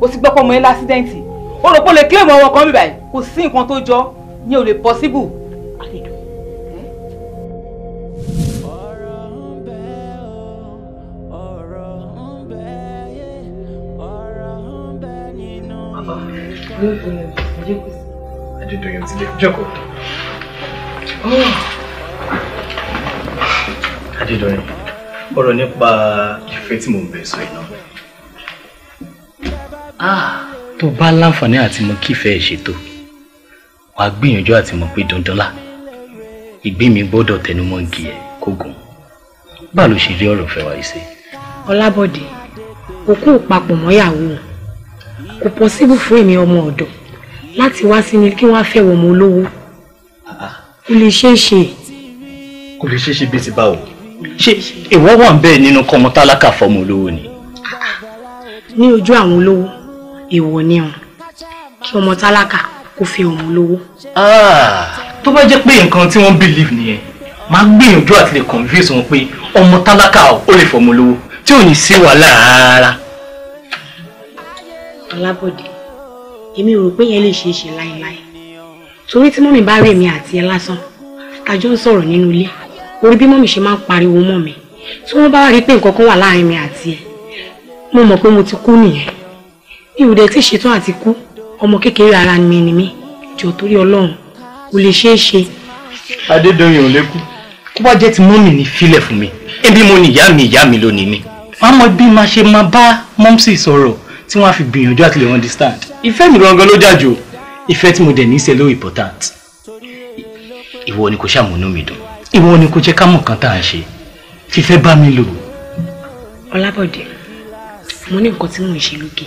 o ti gbọ́ pọ́ mọ́ ẹ lásídẹ́ǹtì o rò pé o lè kílèmù ọmọ kan bí báyìí kò sí nǹkan tó jọ ní o lè possible àlejò. Good. Are you doing it? Joko. Oh. Adédọ̀yìn ọ̀rọ̀ nípa ìfẹ́ tí mò ń bẹ̀ sọ iná. Ah, tó bá láǹfààní àti mọ kífẹ́ ẹ̀ ṣètò wà á gbìyànjú àti mọ pé dandan la ìgbín mi gbọ́dọ̀ tẹnumọ́ igi ẹ̀ kó gùn bá ló ṣe rí ọ̀rọ̀ fẹ́ wáyé sí. Ọlábọ̀dé òkú papọ̀ mọ́yàwó kò pọ́síbù fún èmi ọmọ ọ̀dọ̀ láti wá sí mi kí wọ́n á fẹ́ wọ́n mọ olówó ah, ah. kò lè ṣeé ṣe. kò lè ṣeé ṣe bí ti báwo ṣé ìwọ wà ń bẹ́ẹ̀ nínú kọ́mọ tálákà fọmọ olówó ni. ní ojú àwọn olówó èèwọ̀ ni o kí ọmọ tálákà kó fẹ́ ọmọ olówó. Ah, tó bá jẹ́ pé nǹkan tí wọ́n believe nìyẹn máa gbìyànjú àti lè convince wọn pé ọmọ tálákà ò lè fọmọ olówó tí ò ní sí wàhálà rárá. alábọ̀dé èmi ò rò pé yẹn lè ṣeé ṣe láéláé torí tí mọ́mì bá rí èmi àti ẹ lásán tá ń sọ̀rọ̀ nínú ilé orí bí mọ́mì ṣe máa ń pariwo mọ́ mi tí wọ́n bá wá rí pé nǹkan kan wà láàrin mi àti ẹ̀ mo mọ̀ pé mo ti kú nìyẹn mi ò dẹ̀ tí ṣetán àti kú ọmọ kékeré ara mi ni mí jọ torí ọlọ́run kò lè ṣeé ṣe. adédọyìn ò lékún kó bá jẹ́ ti mọ́mì ní filẹ̀ fún mi ẹbí mo ní ìyá mi ìyá mi ló ní wàá mọ bí máa ṣe máa bá mọ́mísì sọ̀rọ̀ tí wọ́n á fi gbìyànjú àti lè understand. ìfẹ́ mi gangan ló dájú ìfẹ́ tí mo dẹ̀ ní í ṣe ló important. ìwọ ni kò ṣàmúnú mi dùn ìwọ ni kò jẹ́ ká mọ̀ kan tá à ń ṣe fífẹ́ bá mi lò. ọlábọ̀dé mo ní nǹkan tí mò ń ṣe lókè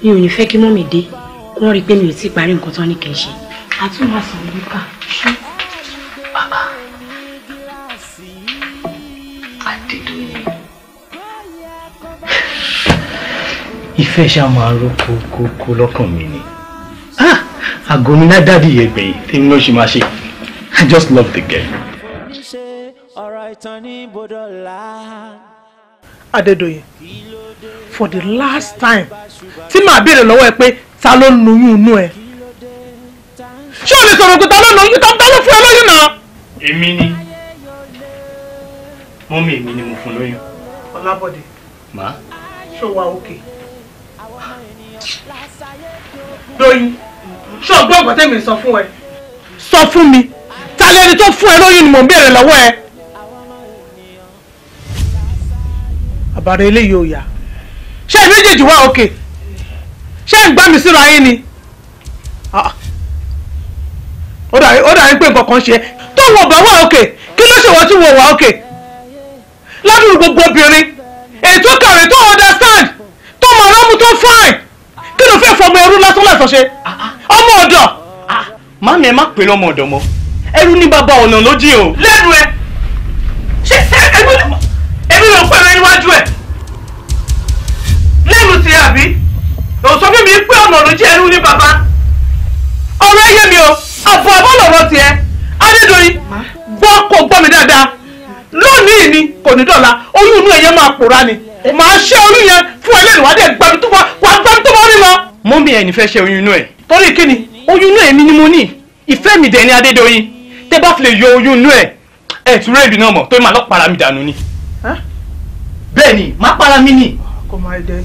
mi ò ní fẹ́ kí mọ́mì dé kí wọ́n rí i pé mi ò tí ì parí nǹkan tán ní kì í ṣe àtúmọ̀ sàn lóka ṣé. ìfẹ́ ṣá máa ró kókókó lọ́kàn mi ni ah! àgọ́ mi náà dádì yẹn gbẹ̀yìn tí mo ṣe máa ṣe I just love the girl ìtàn ní bòdọ́là. Adédoyin for the last time tí màá béèrè lọ́wọ́ ẹ pé ta ló ń lóyún inú ẹ ṣé o lè sọ̀rọ̀ pé ta ló ń lóyún ta ló fún ẹ lóyún náà. èmi ni mọ́mí èmi ni mo fún lóyún. Ọlábọ̀dé. màá. ṣó wa òkè. Doyin ṣó gbọ́ ọ̀gbọ́n tẹ̀mí sọ fún ẹ. sọ fún mi ta lẹni tó fún ẹ lóyún ni mò ń béèrè lọ́wọ́ ẹ. àbàrà eléyìí ò yá ṣé ẹ méjèèjì wà òkè ṣé ẹ ń gbá mi síra yín ni ah, ah. ó dà yín pé nǹkan kan ṣe tó wọ bá wà òkè kí ló ṣe wọ́n tí wọ wà òkè ládùúgbò gbogbo obìnrin ètò kàwé tó understand tó mọ ọlọ́mú tó fine kí ló fẹ́ fọmọ ẹrú lásán lásán ṣe ah, ọmọ ọ̀dọ̀. màmí ẹ má pè lọ́mọ ọ̀dọ̀ mọ́ ẹrú ní bàbá ọ̀nà ló o. lẹ́nu ẹ ṣé ẹgbẹ́ èmi ló ń pẹ̀lú níwájú ẹ̀ lẹ́nu ti àbí òun sọ fún mi pé ọ̀nà ló jẹ́ ẹrú ní bàbá ọ̀rọ̀ ẹ̀yẹ mi o àbọ̀ àbọ̀ lọ̀rọ̀ tiẹ̀ adédọ̀yìn gbọ́ kó gbọ́ mi dáadáa lónìí ni kò ní dọ̀la oyún inú ẹ̀yẹ máa pòórá ni màá ṣe oyún yẹn fún ẹlẹ́nìwádìí ẹgbẹ́mi tó wà gbẹ́mi tó bá rí lọ. mọ́mí ẹ̀ nífẹ̀ẹ́ ṣe oyún inú ẹ̀. torí kíni oyún inú èmi ni mo ní ìfẹ́ mi dẹ̀ ní adédọ̀yìn tẹ́ bá fi lè yọ oyún inú ẹ̀ ẹ̀ tún rẹ́ẹ̀bì náà mọ̀ tó máa lọ́ọ́ para mi dànù ni bẹ́ẹ̀ ni má para mi ni. Ah, kò máa dẹ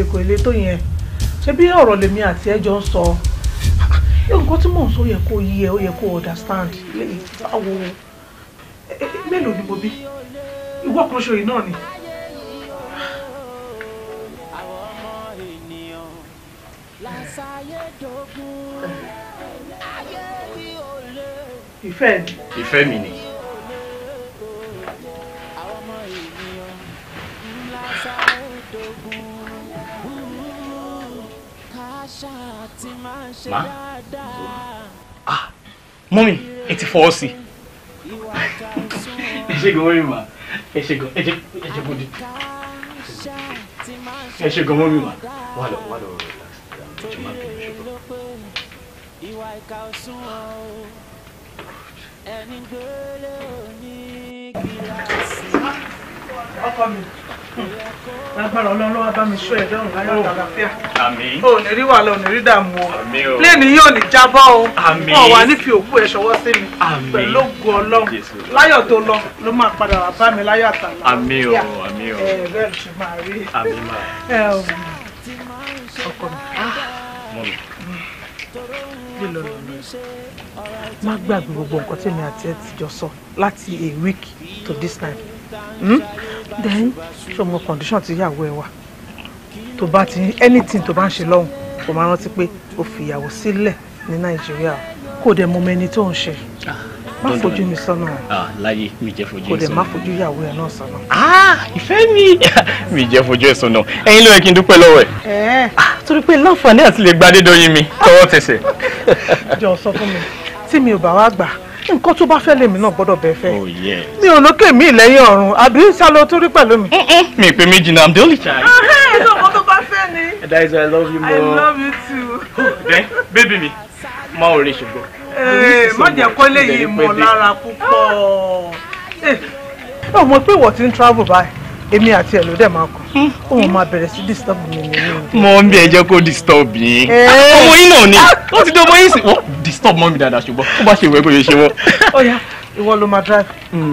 èkó ilé tó yẹn ṣé bí ọ̀rọ̀ lèmi àti ẹjọ́ ń sọ nǹkan tí mò ń sọ yẹ kó yí ẹ ó yẹ kó understand lẹ́yìn báwo mélòó ni mo bí ìwọ kan ṣòyìn náà ni. ìfẹ́ ìfẹ́ mi ni. ma ah mommy, it's ti fọwọ́ sí ẹ ṣe ma ẹ ṣe gan ẹ ṣe ẹ ṣe gan ẹ ṣe gan mọ́mí ma Walo, walo. wà lọ relax ẹ ṣe má bínú ṣe gan. ìwà lágbára ọlọ́run wa bá mi ṣọ́ ẹ̀ lọ́rùn láyọ̀ oh. àlàáfíà àmín ò oh, ní rí wàhálà ò ní rí dààmú o àmín o pléènì yóò ní jábọ́ o àmín wọn wà ní òkú ẹ ṣọwọ́ sí mi àmín pẹ̀lú ògo ọlọ́run láyọ̀ tó lọ ló máa padà wá bá mi láyọ̀ àtàlà àmín o àmín o ẹ bẹ́ẹ̀ ṣe máa rí àmín máa ẹ ọkọ mi ah. lílọ lọ́nà má gbàgbé gbogbo nǹkan tí mi àti ẹ ti jọ sọ láti a week to this time. Hmm? then ṣọmọ condition ti yàwó ẹ wà tó bá ti anything to bá ń ṣe lọ́hùn kò máa rántí pé o fìyàwó sílẹ̀ ní nàìjíríà kò dẹ̀ mọ mẹni tó ń ṣe ah, má fojú mi sọ́nà ah, láyé mi jẹ́ fojú ẹ̀ sọ́nà kò dẹ̀ má fojú ìyàwó ẹ̀ náà sọ́nà. Ah, ìfẹ́ mi <laughs> mi jẹ́ fojú ẹ̀ sọ́nà ẹ̀yin ló yẹ kí n dúpẹ́ lọ́wọ́ ẹ̀. Eh. torí pé láǹfààní àti lè gba adédọ́yìn mi <laughs> tọwọ́ tẹsẹ̀. jọ sọ fún mi tí mi ò bá wá gbà nǹkan tó bá fẹ́ lèmi náà gbọ́dọ̀ bẹ́ẹ̀ fẹ́ oh, mi ò lókè mi lẹ́yìn ọ̀run àbí sálọ tó rí pẹ̀lú mi. Eh, eh. mi pé méjì náà i'm the only child. ẹ ẹ ọmọ tó bá fẹ́ ni. ẹ dáhùn i love you more. i love you too. bẹ́ẹ̀ oh, bébí mi máa ò lè ṣùgbọ́n. ee eh, má jẹ́ kó léyìí mọ̀ lára púpọ̀. ọmọ pé wọ́n ti ń travel báyìí. Emi àti ẹ̀ ló dẹ̀ máa kàn òun hmm. máa bẹ̀rẹ̀ sí disturb mi ní mo ń bí ẹ jẹ́ disturb yín eh. ọmọ yín náà ni ah! ó ti dé ọmọ yín sí wọ́n disturb mọ́ mi dáadáa ṣùgbọ́n ó bá ṣe ìwé kó yẹ ṣe wọ́n. ó yá ìwọ ló máa drive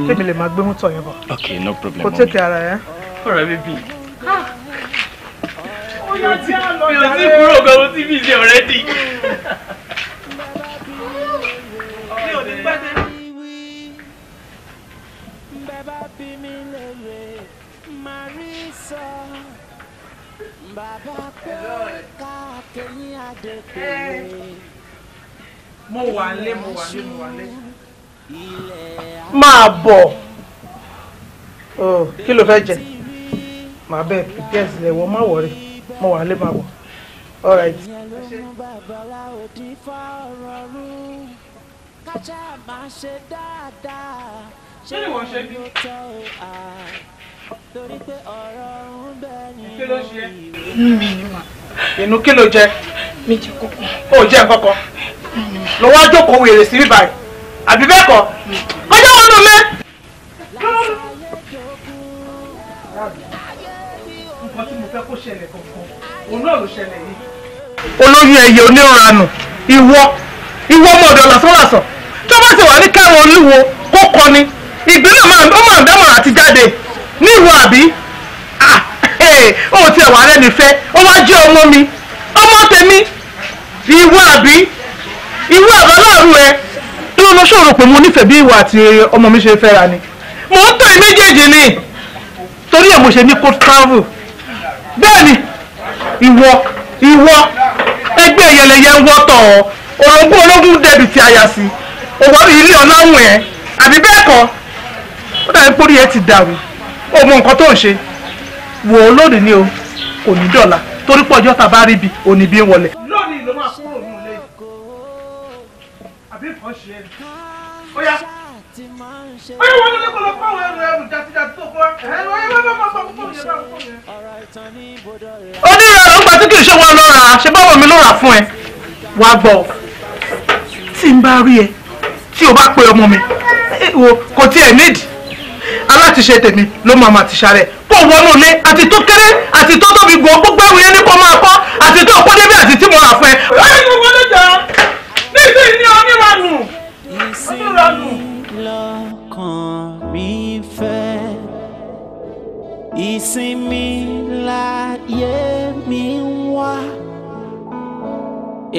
tèmi hmm. lè máa gbé mọ́tò yẹn bọ̀. ok no problem. kò tètè ara yẹn. ọ̀rẹ́ bíbí. ó yọ tí a lọ yàrá. mi ò tí kúrò gan ti fi ṣe ọ̀rẹ́dì. <laughs> sọ bàbá pé káàkiri adékèlè. mo wà lé mo wà lé mo wà lé. máa bọ̀ kí ló fẹ́ jẹ màá bẹ́ẹ̀ pípẹ́ sílẹ̀ wọ́n má wọ̀rí mo wà lé máa bọ̀ all right kí ló ṣe inú kí ló jẹ ó jẹ nǹkan kan lọ́wọ́ àjòkó wèrè sí bíbáyìí àbí bẹ́ẹ̀ kọ́ kọjá wọn nù mẹ́. nǹkan tí mo fẹ́ kó ṣẹlẹ̀ kankan òun náà ló ṣẹlẹ̀ yìí. olóyún ẹyẹ oníranù ìwọ ìwọ ọmọ ọ̀dọ̀ lásán lásán tó bá ti wà ní kẹrin olúwo kó kọ ni ìgbín náà ó máa ń dámọ̀ràn àti jáde ní ìwọ àbí ah, eh, ó ti ẹ̀wà rẹ̀ nífẹ̀ẹ́ ó wá jẹ́ ọmọ mi ọmọ tèmi ìwọ àbí ìwọ àbálọ́rù ẹ ní ọmọ ṣòro pé mo nífẹ̀ẹ́ bí ìwọ àti ọmọ mi ṣe fẹ́ra ni mò ń tọ́ ẹ méjèèjì ni torí ẹ̀ mo ṣe ní coat travel bẹ́ẹ̀ ni ìwọ ìwọ ẹgbẹ́ yẹlẹyẹ ń wọ́tọ̀ orogún ológun dẹ̀bìtì àyà sí òwò ilé ọ̀nà ọ̀hún ẹ̀ àbí bẹ́ẹ̀ kọ́ ó dàbí pórí ẹ ti dàrú ó mọ nǹkan tó ń ṣe wò ó lónìí ni o kò ní dọ̀la torí pọ̀ ọjọ́ tá a bá rí ibi òní bí ń wọlé. lónìí ló máa kúrò ní ilé àbí nǹkan ṣe é ó yá ó yẹ wọlé lẹ́kọ̀ọ́ lọ fáwọn ẹrù ẹrù jàtijàti tó fún wa ẹ̀rọ ayé wọn bá máa sọ fún mi yẹn oníyàrá ló gba tí kì í ṣe wọn lọ rà á ṣe báwọn mi ló rà fún ẹ wàá gbọ́ tí n bá rí ẹ tí o bá pe ọmọ mi kò tiẹ̀ nídìí alátiṣe tèmi ló máa ma ti ṣàrẹ kó wọnú ilé àti tó kéré àti tó tóbi gan gbogbo ìwé ní kó máa kọ́ àti tó kó débi àti tí mo rà fún ẹ. láì gbogbo ló jà níbi ní oníranù oníranù. lọ́kàn mi fẹ́ ìsinmi láyé mi wá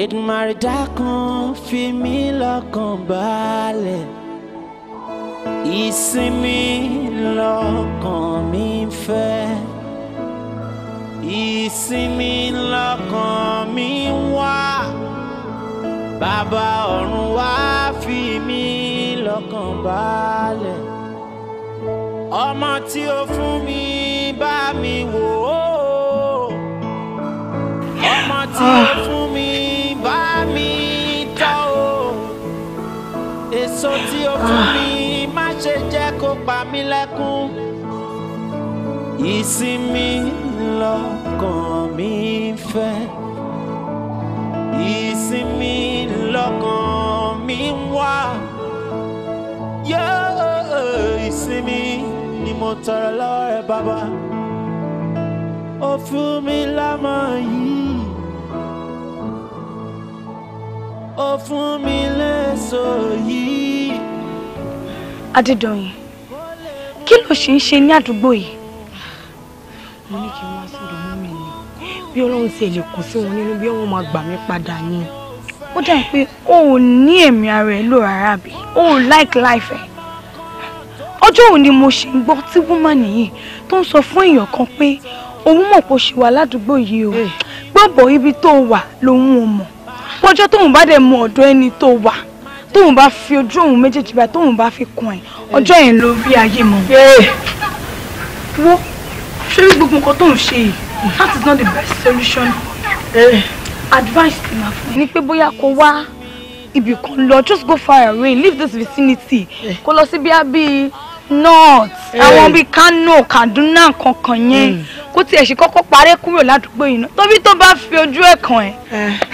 ìdùnmọ̀rìndà kan fi mí lọ́kàn balẹ̀ ìsinmi lọ́kàn mi fẹ́ ìsinmi lọ́kàn mi ń wá bàbá ọ̀run wá fi mí lọ́kàn balẹ̀ ọmọ tí o fún mi bá mi wò ó ọmọ tí o fún mi bá mi tọ́ ó èso tí o fún mi ṣe jẹ́ kó pa mí lẹ́kún ìsinmi lọ́kàn mi fẹ́ ìsinmi lọ́kàn mi wá ìsinmi ni mo tọrọ lọ́wọ́ rẹ bàbá ó fún mi lámọ̀ yìí ó fún mi lẹ́sọ̀ yìí. Adédọ̀yìn kí ló ṣe ń ṣe ní àdúgbò yìí. mo ní kí n wá sọ́dọ̀ mú mi ni bí ọlọ́run ti lè kù sí wọn nínú bí wọ́n máa gbà mí padà ni. ó dàbí pé o ò ní èmi ara ẹ lò rárá bí o ò like life ẹ. ọjọ́ òní mo ṣe ń gbọ́ tí woman yìí tó ń sọ fún èèyàn kan pé òun mọ̀ pé ó wà ládùúgbò yìí o eh. gbọ́bọ̀ ibi tó wà lòun ò mọ̀ pọ́jọ́ tóun bá dẹ̀ mọ ọ̀dọ̀ ẹni tó wà tóun bá fi ojú òun méjèèjì bá tóun bá fi kún ẹ ọjọ́ yẹn ló rí ayé mọ́. Eh. wo ṣé bí gbogbo nǹkan tóun ṣe yìí that is not the best solution. Eh. advice ti máa fún mi. ni pé bóyá kó wá ibì kan lọ just go far away leave this vicinity eh. kó lọ sí bíi bíi north àwọn bíi Kano Kaduna kankan yẹn hmm. kó tiẹ̀ ṣe kọ́kọ́ parẹ́ kúrò ládùúgbò yìí náà tóbi tó bá fi ojú ẹ̀ kàn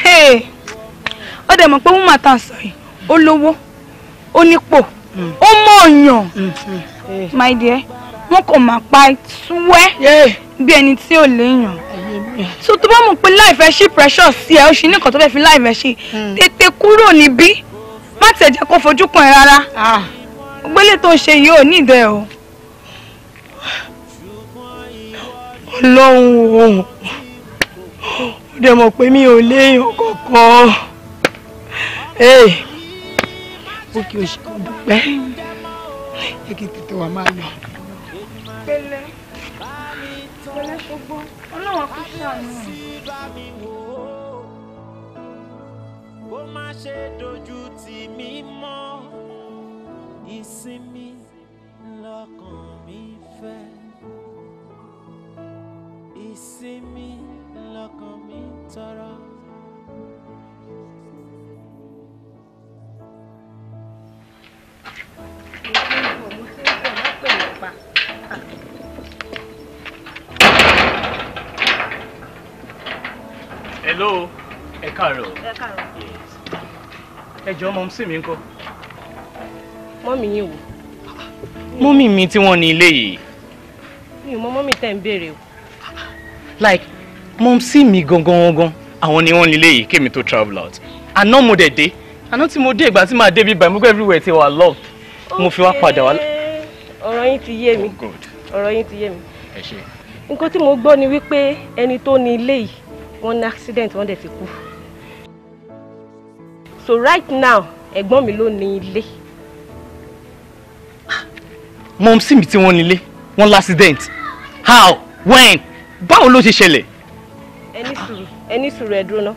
ẹ́ ó dẹ̀ mọ̀ pé wọ́n máa tà sọ yìí ó lówó ó nípò ó mọ̀ọ̀yàn my dear wọn kò máa pa túwẹ́ bí ẹni tí ò léèyàn so tó bá mọ̀ pé láìfẹ́ ṣí pressure sí ẹ ó ṣe nìkan tó fẹ́ fi láìfẹ́ ṣe hmm. tètè kúrò níbí má tẹ̀ jẹ́ kó fojú kan ẹ rárá ah. gbélé tó ṣe yìí ò ní ìdẹ o. ọlọ́run o ó dẹ̀ mọ̀ pé mi ò léèyàn kọ̀ọ̀kan ó kí o ṣe kó dúpẹ́ jẹ́ kí tètè wà máa lọ. pẹ̀lẹ́ pẹ̀lẹ́ gbogbo ọlọ́wọ́n kò ṣàánú kó má ṣe dojú tì mí mọ́ ìsinmi lọ́kàn mi fẹ́ ìsinmi lọ́kàn mi tọrọ. hello ẹ káàárọ̀. ẹ káàárọ̀. ẹ jọ ọmọ sí mi ń kọ́. mọ́mì yín wò. mọ́mì mi tí wọ́n ní ilé yìí. mi ò mọ mọ́mì tẹ́ like mọ́mì sí mi gangan gangan àwọn ni wọ́n ní ilé yìí kémi tó travel out no mo de dé àná tí mo dé ìgbà tí màá débi bàmí gbẹ́ everywhere ti wà locked mo fi wá padà wá. ọ̀rọ̀ yín ti yé mi oh, ọ̀rọ̀ yín ti yé mi. nǹkan tí mo gbọ́ ni wípé ẹni tó ní ilé yìí wọ́n ní accident wọ́n dẹ̀ ti kú. so right now ẹ̀gbọ́n mi ló ní ilé. mọ̀mísì mi tí wọ́n nílé wọ́n l'accident how when báwo ló ṣe ṣẹlẹ̀. ẹni sùúrù ẹni sùúrù ẹ dúró ná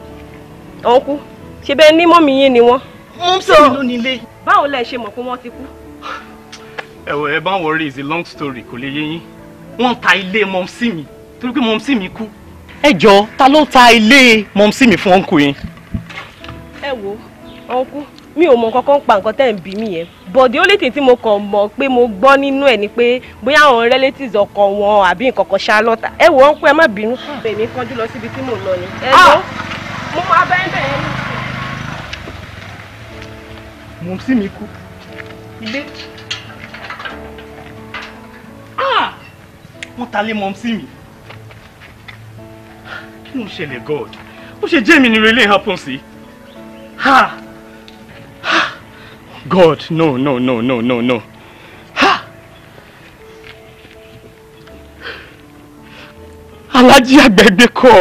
ọ̀hún kú ṣe bẹ́ẹ̀ ní mọ́mí yín ni wọ́n. mo ń sọ ìlú nílé. báwo lẹ ṣe mọ̀ pé wọ́n ti kú. ẹ̀wọ̀ ẹ bá wọrí is a long story kò lè yé yín wọ́n ta ilé mọ̀mísí mi torí pé mọ̀mísí mi kú. ẹ jọ ta ló ta ilé mọ̀mísí mi fún ọ̀nkù yín. ẹ wo ọ̀nkù mi ò mọ kankan pa nǹkan tẹ́ ń bí mi yẹn bọ̀dé ó lè tètè mo kàn mọ̀ pé mo gbọ́ nínú ẹ̀ ni pé bóyá àwọn relatives ọkọ wọn àbí nǹkan kan ṣáálọ́ta ẹ wò ó ń pẹ́ ẹ má bínú. Ah. èmi kánjú lọ síbi tí mò ń lọ ni. ẹ lọ ah. mo máa bẹ́ẹ̀ bẹ́ẹ̀ ní. Mumsi ń ibe ah, kú mumsi wọ́n ta mi kí ló god ó ṣe jẹ́ ni really happen sí ha ha god no no no no no no ha alaji àgbẹ̀gbẹ̀ kọ́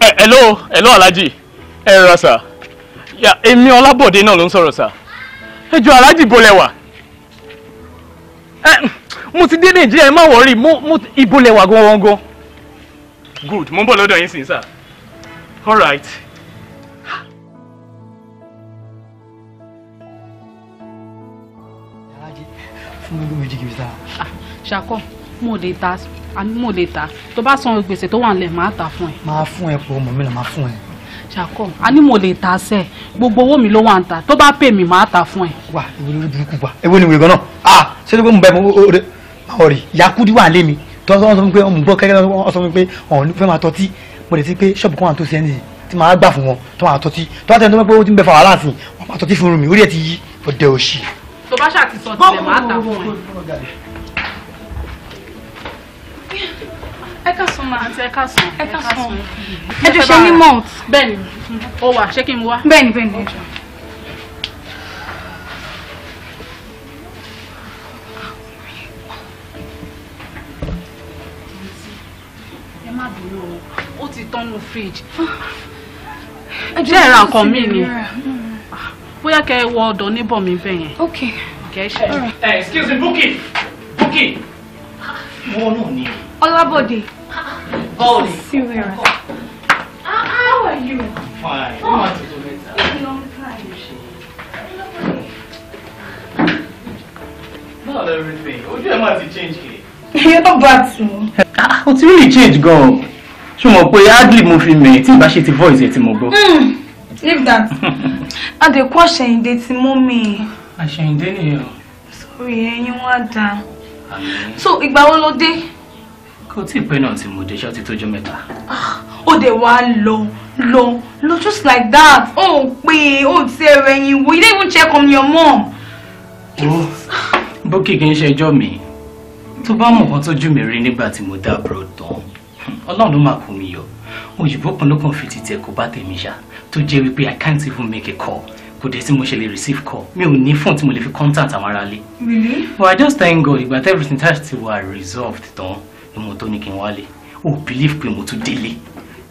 ẹ̀ eh, ẹ̀ hello ẹ̀ ló alájí ẹ̀ Ya, èmi ọlábọ̀dé náà ló ń sọ̀rọ̀ sà ẹjọ́ aláàjì bolẹ̀wà ẹ mo ti dé nàìjíríà ẹ má wọrí mo mo ìbolẹ̀wà gan gan. good mo ń bọ̀ lọ́dọ̀ yín sìn all right. fún olówó méjì kìí sáà. Ah, ṣàkọ mo lè ta mo lè ta tó bá san gbèsè tó wà nílẹ̀ máa ta fún ẹ. máa fún ẹ pọ̀ mọ̀ mi là máa fún ẹ ṣàkó àní mo lè ta sẹ gbogbo owó mi ló wà ń ta tó bá pè mí màá ta fún ẹ. wà ìwé lórí burúkú wa ewu ni ìwé gan náà a ah, ṣé ló pé mo bẹ mo o de máa rí yakudi wà lé mi tọ́sọ́ wọn sọ fún mi pé mo gbọ́ kẹ́kẹ́ wọn sọ fún mi pé ọ̀hún fẹ́ máa tọ́tí mo lè ti pé ṣọ́ọ̀bù kan wà tó sẹ́ni tí màá gbà fún wọn tó máa tọ́tí tó bá tẹ̀lé tó bá pé ó ti ń bẹ fàwọ́ aláàfin wọn máa tọ́tí fún mi orí ẹ̀ ti yí ọ̀dẹ̀ òṣì. tó bá ṣàtìsọ tilẹ̀ máa ta fún ẹ. ẹ ká sùn máa àǹtí ẹ ká sùn ẹ ká sùn. ẹ jọ ṣe ní mount. bẹ́ẹ̀ni o wà ṣé kí n wá. bẹ́ẹ̀ni bẹ́ẹ̀ni. ẹ má bínú o ó ti tán nu fridge. ẹ jẹ́ ẹ̀rọ nǹkan mi ni bóyá kẹ́ ẹ wọ ọ̀dọ̀ níbọ̀ mi bẹ́ẹ̀ yẹn. ok. kẹ́ ẹ ṣe. Eh, excuse me booking booking mo ah, náà ni o. Ọlábọ̀dé. Bọ́ọ̀lì. Síwèrè. How are you? Fine. Wọ́n máa tuntun mẹ́ta. Báwo lè rí pé ojú ẹ̀ máa ti change kì <laughs> You're not bad too. Ah, o really changed, girl? an Ṣé mo ugly Adley me. fi mẹ̀ tí ìbá ṣe ti voice ẹ̀ tí mo gbọ́? Hmm, leave that. <laughs> Adekun Àṣẹ̀yìndé ti mú mi. Àṣẹ̀yìndé nìyẹn. Sorry, ẹyin wá dáa. So ìgbà wo ló dé? kò tí ì pẹ́ náà tí mo dé ṣáà ti tójú mẹ́ta. Ah, ó dẹ̀ wá lọ lọ lọ just like that ó ò pé ó ti ẹ̀rọ ẹ̀yìn wo you don't even check on your mom. bókì kì í ṣe ẹjọ́ mi tó bá mọ̀ kan tójú mi rí nígbà tí mo dá abroad tán ọlọ́run ló máa kó mi yọ òyìnbó kan ló kàn fi ti tẹ̀ kó bá tèmi ṣá tó jẹ́ wípé i can't even make a call kò dé tí mo ṣe lè receive call mi ò ní fóònù tí mo lè fi contact àwọn aráalé. really? but i just thank God ìgbà everything tá a ti wà resolved tán ọmọ tó ní kí n wálé ó believe pé mo tún délé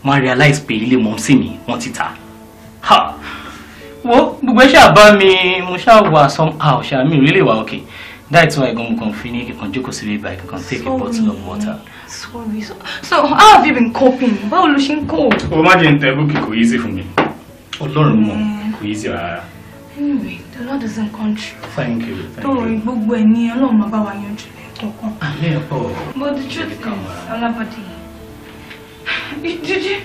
má realize pé ilé mọ̀ọ́sí mi wọ́n ti ta wo gbogbo ẹ ṣáà bá mi mo ṣáà wà somehow ṣáà mi really wà okay that's why gan mo fi ní kíkan jókòó sí bíbá kíkan take a bottle of water. sorry so, so how have you been coping báwo ló ṣe ń kó. o má jẹ́ ń tẹ bókì kò easy fún mi ọlọ́run mọ̀ mm. kò easy rárá. anyway the lord is in control. thank you thank you. tó gbogbo ẹ ní ọlọ́run máa bá wa yanjú tọkàn. àmì ẹ̀ pọ̀. but the truth is Ọlábọ̀dé jíjí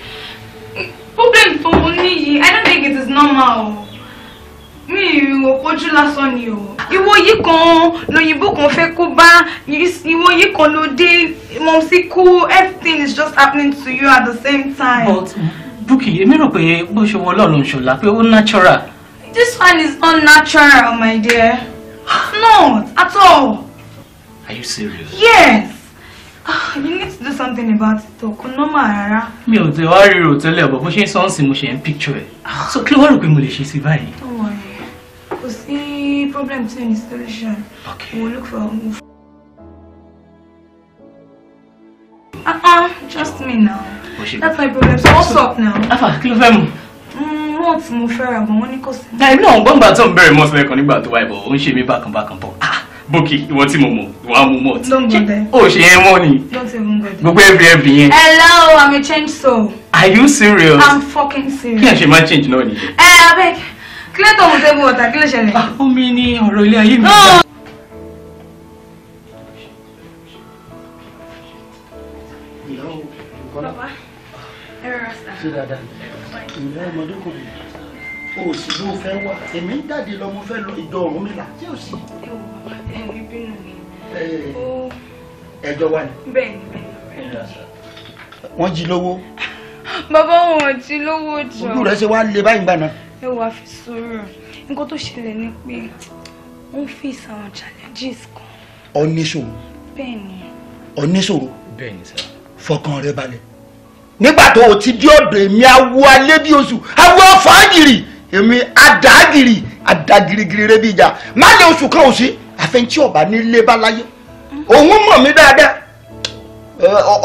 problem tó mo ní yìí i don't think it is normal o you last òpójú You ni o. ìwọ yìí kan lóyìnbó kan fẹ́ kó bá you were kan con. No, mọ̀ọ́sí kú everything is just happening to you at the same time. but Bukky èmi rò pé bó ṣe wọlé ọ̀lọ́ ṣọlá pé ó natural. this one is unnatural, my dear not at all. Are you serious? Yes! Ah, you need to do something about it o. Kò normal rárá. Mi ò tẹ wá rírò tẹ́lẹ̀ ọ̀bọ̀ bó ṣe ń picture ah. So kí ló wá rò pé mo lè Don't worry. Kò see problem tí o solution. Okay. We'll look for a move. Uh-uh, trust me now. That's my problem. So what's up now? Afa, kí ló fẹ́ mu? Mm, wọ́n ti mo fẹ́ ra gan, wọ́n ní kò sí. Ẹ̀mí náà gbọ́ngbà tó ń bẹ̀rẹ̀ mọ́sílẹ̀ kan nígbà tó wáyé bọ̀, back and back. mí bákan Ah! bókì ìwọ tí mo mọ̀ wà á mú mọ ọtí ó ṣe yẹn mọ ni gbogbo ẹbí ẹbí yẹn. hello i'm a changed soul. are you serious. i'm fucking serious. kí ẹ ṣe máa change náà ni. ẹ abeg kílẹ̀ tó ń tẹ́ mu ọ̀tá kílẹ̀ ṣẹlẹ̀. omi ah, ni ọ̀rọ̀ ilé ayé mi gbà. ṣe dáadáa ìyá ọmọdé kò bí o sì ló fẹ́ wà èmi ń jáde lọ mo fẹ́ lọ ìjọ ọ̀hún mi là tí o sì. ẹni bínú mi. ẹjọ́ wa ni. bẹ́ẹ̀ni bẹ́ẹ̀ni. wọ́n jí lówó. bàbá wọn jí lówó jọ. ojú rẹ ṣe wá lé báyìí gbà náà. ẹ wàá fi sùúrù nǹkan tó ṣẹlẹ̀ ni pé wọ́n fi ìsàwọn challenges kan. oníṣòro. bẹ́ẹ̀ni. oníṣòro. bẹ́ẹ̀ni sá. fọkàn rẹ balẹ̀ nígbà tó o ti dí ọ̀dọ̀ èmi awo alẹ́ bí oṣù awo fàájìrì èmi adagiri adagirigiri rẹ bí ìjà má lé oṣù kan òsì àfẹnjí ọba nílé bá láyé òun mọ̀ mí dáadáa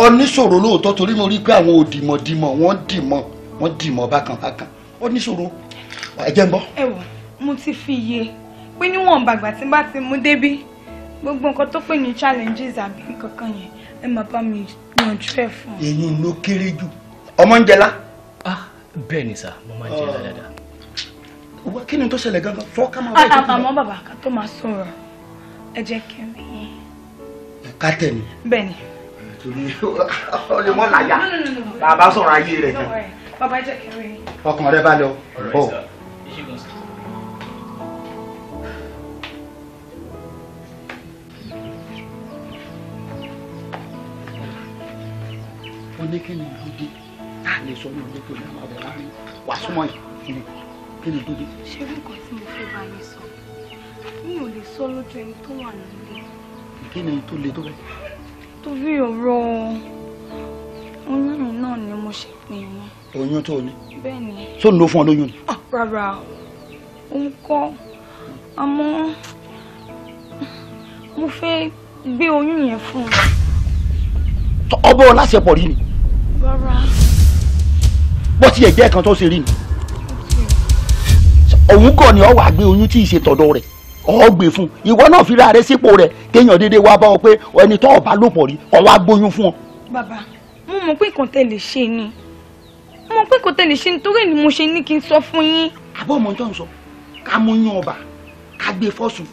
oníṣòro lóòótọ́ torí mo rí pé àwọn òdìmọ̀dìmọ̀ wọ́n dìmọ̀ wọ́n dìmọ̀ bákanbákan oníṣòro ẹ̀jẹ̀ ń bọ́. ẹ wò mo ti fi iye pé níwọ̀n bàgbà tí bá ti mú débí gbogbo nǹkan tó pè ní challenges àbí kankan yẹn ẹ máa bá mi yanjú ẹ fún. èyí ló kéré jù ọmọ ń jẹlá. ah bẹ́ẹ̀ ni sà mo máa ń jẹ dáadáa kí ni tó ṣẹlẹ̀ gangan sọ ká máa bá ìtọ́jú. àmọ́ bàbá ká tó máa sọ̀rọ̀ ẹ jẹ́ kí n rí yín. ká tẹ̀ ni. bẹ́ẹ̀ ni. torí ọ lè mọ́ láyà bàbá sọ̀rọ̀ ayé rẹ̀ bàbá jẹ́ kí n rí ọkàn rẹ balẹ̀ o. oníkíni dúdú tá a lè sọ ní olóko ní àwọn ọ̀rẹ́ wa wà yìí kí ni tó dé. ṣé bí nǹkan tí mo fẹ́ bá yín sọ mi ò lè sọ lójú ẹni tó wà nílé. kí ni tó le tó bẹ́ẹ̀. torí ọ̀rọ̀ oyún náà ni mo ṣe pè yín. oyún tó o ní. bẹ́ẹ̀ ni. tó lò fún ọ lóyún ni. Ah, rárá òun kọ́ àmọ́ mo fẹ́ gbé oyún yẹn fún un. ọbọ̀ láṣepọ̀ rí ni. rárá. bó tiẹ̀ kan tó ṣe rí ni òun kọ́ ni ọ wà gbé oyún tí ì ṣe tọ̀dọ̀ rẹ̀ ọ gbé e fún ìwọ náà fi ra rẹ sípò rẹ kéèyàn déédéé wá bá ọ pé ẹni tó ọba lò pọ̀ rí ọ wá gbóyún fún ọ. bàbá mo mọ̀ pé nǹkan tẹ́ lè ṣe ni mo mọ̀ pé nǹkan tẹ́ lè ṣe nítorí ni mo ṣe ní kí n sọ fún yín. àbọ̀ ọmọ tó ń sọ ká mú yín ọba ká gbé e fọ́sùn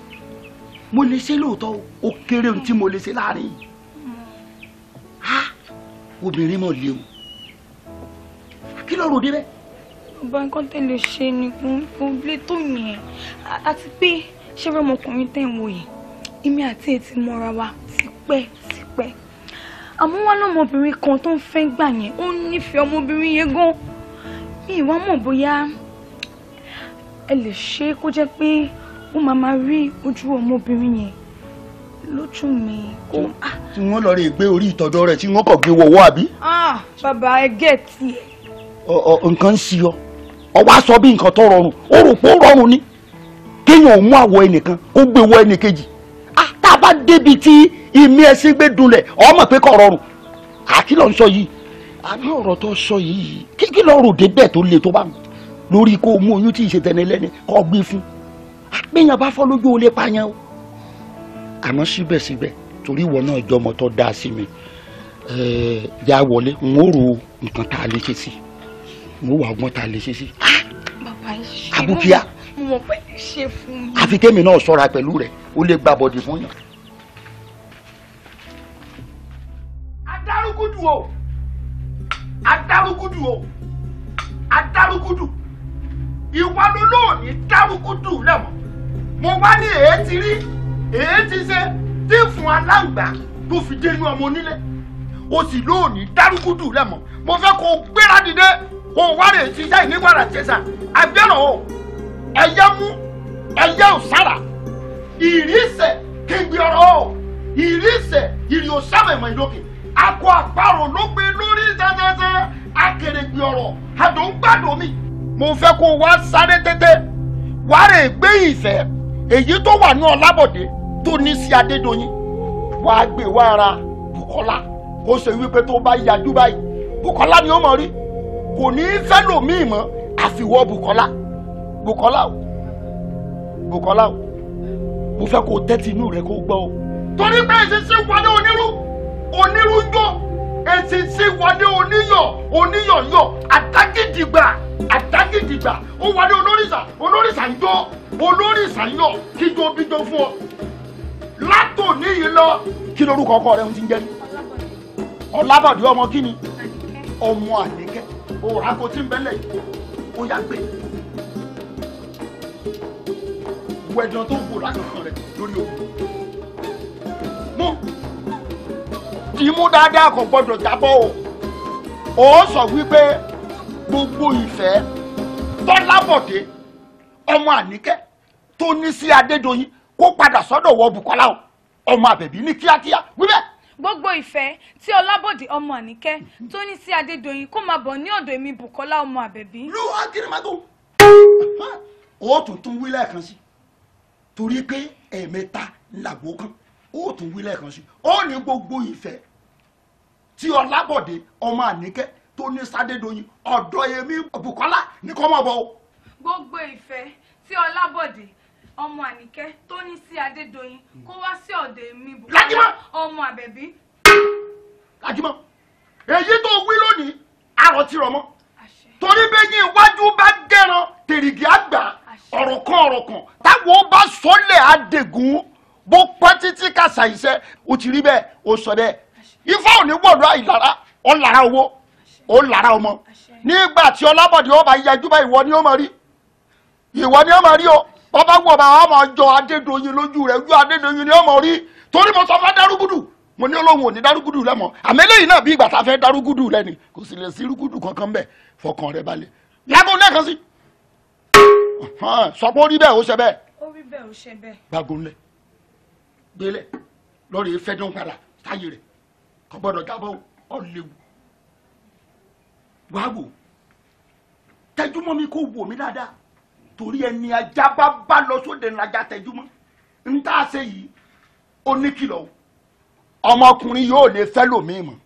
mo lè ṣe lóòótọ́ ó kéré ohun tí mo lè ṣe láàrin yìí obìnrin mọ̀ lé o kí ló bá nǹkan tẹ́ lè ṣe ni kò lè tó yẹn àti pé ṣé ọmọkùnrin tẹ̀ ń wò yìí èmi àti ètí mọ́ra wa tipẹ́ tipẹ́ àmọ́ wá lọ́mọbìnrin kan tó ń fẹ́ gbà yẹn ó nífẹ̀ẹ́ ọmọbìnrin yẹn gan mi ìwà mọ̀ bóyá ẹ lè ṣe kó jẹ́ pé ó máa máa rí ojú ọmọbìnrin yẹn lójú mi. Ah. tí wọ́n lọ rí gbé orí ìtọ́jú rẹ̀ tí wọ́n kàn gbé wọ̀wọ́ àbí. Ah, bàbá ẹ gẹ̀ẹ́tì. nǹkan ń ṣí ọ ọ wá sọ bí nǹkan tó rọrùn ó rò pé ó rọrùn ni kéèyàn ò mú àwọ̀ ẹnìkan kó gbé wọ ẹnìkejì tá a bá débi tí ìmí ẹsìn gbé dunlẹ̀ ọmọ pé kò rọrùn àkí ló ń sọ yìí àmì ọ̀rọ̀ tó sọ yìí kí kí lọ́ọ́ rò débẹ̀ tó le tó bá mu lórí kó o mú oyún tí ì ṣe tẹnilẹ́ni kọ́ gbé fún àpéyàn bá fọ́ lójú o lè pààyàn o àmọ́ síbẹ̀síbẹ̀ torí ìwọ náà jọmọ tó dáa sí mi ẹ̀ẹ́d tá a lè ṣe wọ́n wà ọgbọ́n tá a lè ṣe sí. Ah, àbúkíá àfi kémi náà ṣọ́ra pẹ̀lú rẹ̀ ó lè gba bọ̀dì fún yàn. adarúgúdù o adarúgúdù o adarúgúdù ìwà ló lóò ní dárúgúdù lẹ́mọ̀ mo wá ní èé ti rí èé ṣe tí fún aláǹgbá tó fi dénú ọmọ onílé o sì lóò ní dárúgúdù lẹ́mọ̀ mo fẹ́ kó o gbéra dìde wò wá rè ti yá ìníwàrà tẹ̀sán àgbẹ̀rọ̀ o ẹ̀yẹ mú ẹ̀yẹ òsára ìrísẹ̀ kégbé ọ̀rọ̀ o ìrísẹ̀ ìrì òsámẹ̀mọ̀ ìlókè akọ àparò ló gbé lórí tẹ́tẹ́tẹ́ akèrègbè ọ̀rọ̀ àdóńgbàdó mi. mo fẹ́ kó wá sáré tẹ́tẹ́ wá rè gbé ìfẹ́ èyí tó wà ní ọ̀làbọ̀dé tó ní sí adédọ́yìn wàá gbé wá ara Bùkọ́lá kó ṣe wípé tó bá yájú báyìí Bùkọ́lá ni ó mọ̀ rí kò ní í fẹ́ lòmíì mọ́ àfiwọ́ Bùkọ́lá Bùkọ́lá o Bùkọ́lá o mo fẹ́ kó o tẹ́tí inú rẹ kó o gbọ́ o. torí pé èsìsì wọlé onírú onírú yọ èsìsì wọlé oníyọ̀ oníyọ̀ yọ àdágídìgbà àdágídìgbà ó wọlé olórìṣà olórìṣà yọ olórìṣà yọ kíjọ bíjọ fún ọ látòní yìí lọ kí lórúkọ ọkọ rẹ ń ti jẹ ọlábàdì ọmọ kí ni ọmọ àlè o àgọ́ tí ń bẹ́lẹ̀ yìí ó yá gbé wọ ẹ̀dùn tó ń bò lákòókò rẹ lórí òkú mú kì í mú dáadáa kò gbọdọ̀ jábọ́ o ó sọ wípé gbogbo ìfẹ́ tọ́lábọ̀dé ọmọ àníkẹ́ tó ní sí adédoyin kó padà sọ́dọ̀ wọ Bùkọ́lá o ọmọ àbẹ̀bí ní kíákíá wíbẹ̀ gbogbo ìfẹ́ tí ọlábòdì ọmọ àníkẹ́ tó ní sí adédọ̀yìn kó máa bọ̀ ní ọ̀dọ̀ èmi bùkọ́lá ọmọ àbẹ̀bí. lu akérèmọ́tò ó tún tún wí lẹ́ẹ̀kan sí torí pé ẹ̀ẹ̀mẹ́ta làgbo kan ó tún wí lẹ́ẹ̀kan sí ó ní gbogbo ìfẹ́ tí ọlábòdì ọmọ àníkẹ́ tó ní sádédọ̀yìn ọ̀dọ̀ èmi bùkọ́lá ní kọ́ máa bọ̀ gbogbo ìfẹ́ tí ọlábòdì ọmọ àníkẹ́ tó ní sí adédoyin kó wá sí ọ̀dọ̀ mi bùkọ́lá ọmọ àbẹ̀bí. lajimọ èyí tó wí lónìí àrò ti rọ mọ torí bẹyìn iwájú bá dẹran tèrìgì àgbà ọ̀rọ̀ kan ọ̀rọ̀ kan táwọn bá sọlẹ àdègùn bó pẹ́ títí kàṣà iṣẹ́ o ti rí bẹ́ẹ̀ o sọ bẹ́ẹ̀ ifá ò ní wọlú àìlára ọ̀làrà owó ọ̀làrà ọmọ nígbà tí ọlábọ̀dé ọba yíyajú bá ìwọ ni ó máa rí ìwọ ni ó máa rí o bàbá wọ̀ bá ọmọ jọ adédọ̀yìn lójú rẹ̀ ojú adédọ̀yìn ni ọmọ rí torí mo sọ fẹ́ dárúgúdù mo ní olóhùn òní dárúgúdù lẹ́mọ̀ àmì eléyìí náà bí ìgbà tá a fẹ́ dárúgúdù lẹ́ni kò sì lè sí rúgúdù kankan bẹ́ẹ̀ fọkàn rẹ balẹ̀ lágùn lẹ́ẹ̀kan sí. sọ pé ó rí bẹ́ẹ̀ ó ṣe bẹ́ẹ̀. ó rí bẹ́ẹ̀ ó ṣe bẹ́ẹ̀. gbàgùn lẹ gbélé lọ́ọ̀rì fẹ́ padà táyé rẹ̀ kò gbọ́dọ̀ jábọ̀ ọ̀lẹ́wù wàá wò tẹjú mọ́ mi kó wò mí dáadáa torí ẹni ajá bá bá lọ sóde ńlájà tẹjúmọ́ ń tá a ṣe yìí ó ní kìlọ̀ ọmọkùnrin yóò lè fẹ́ lòmíì mọ́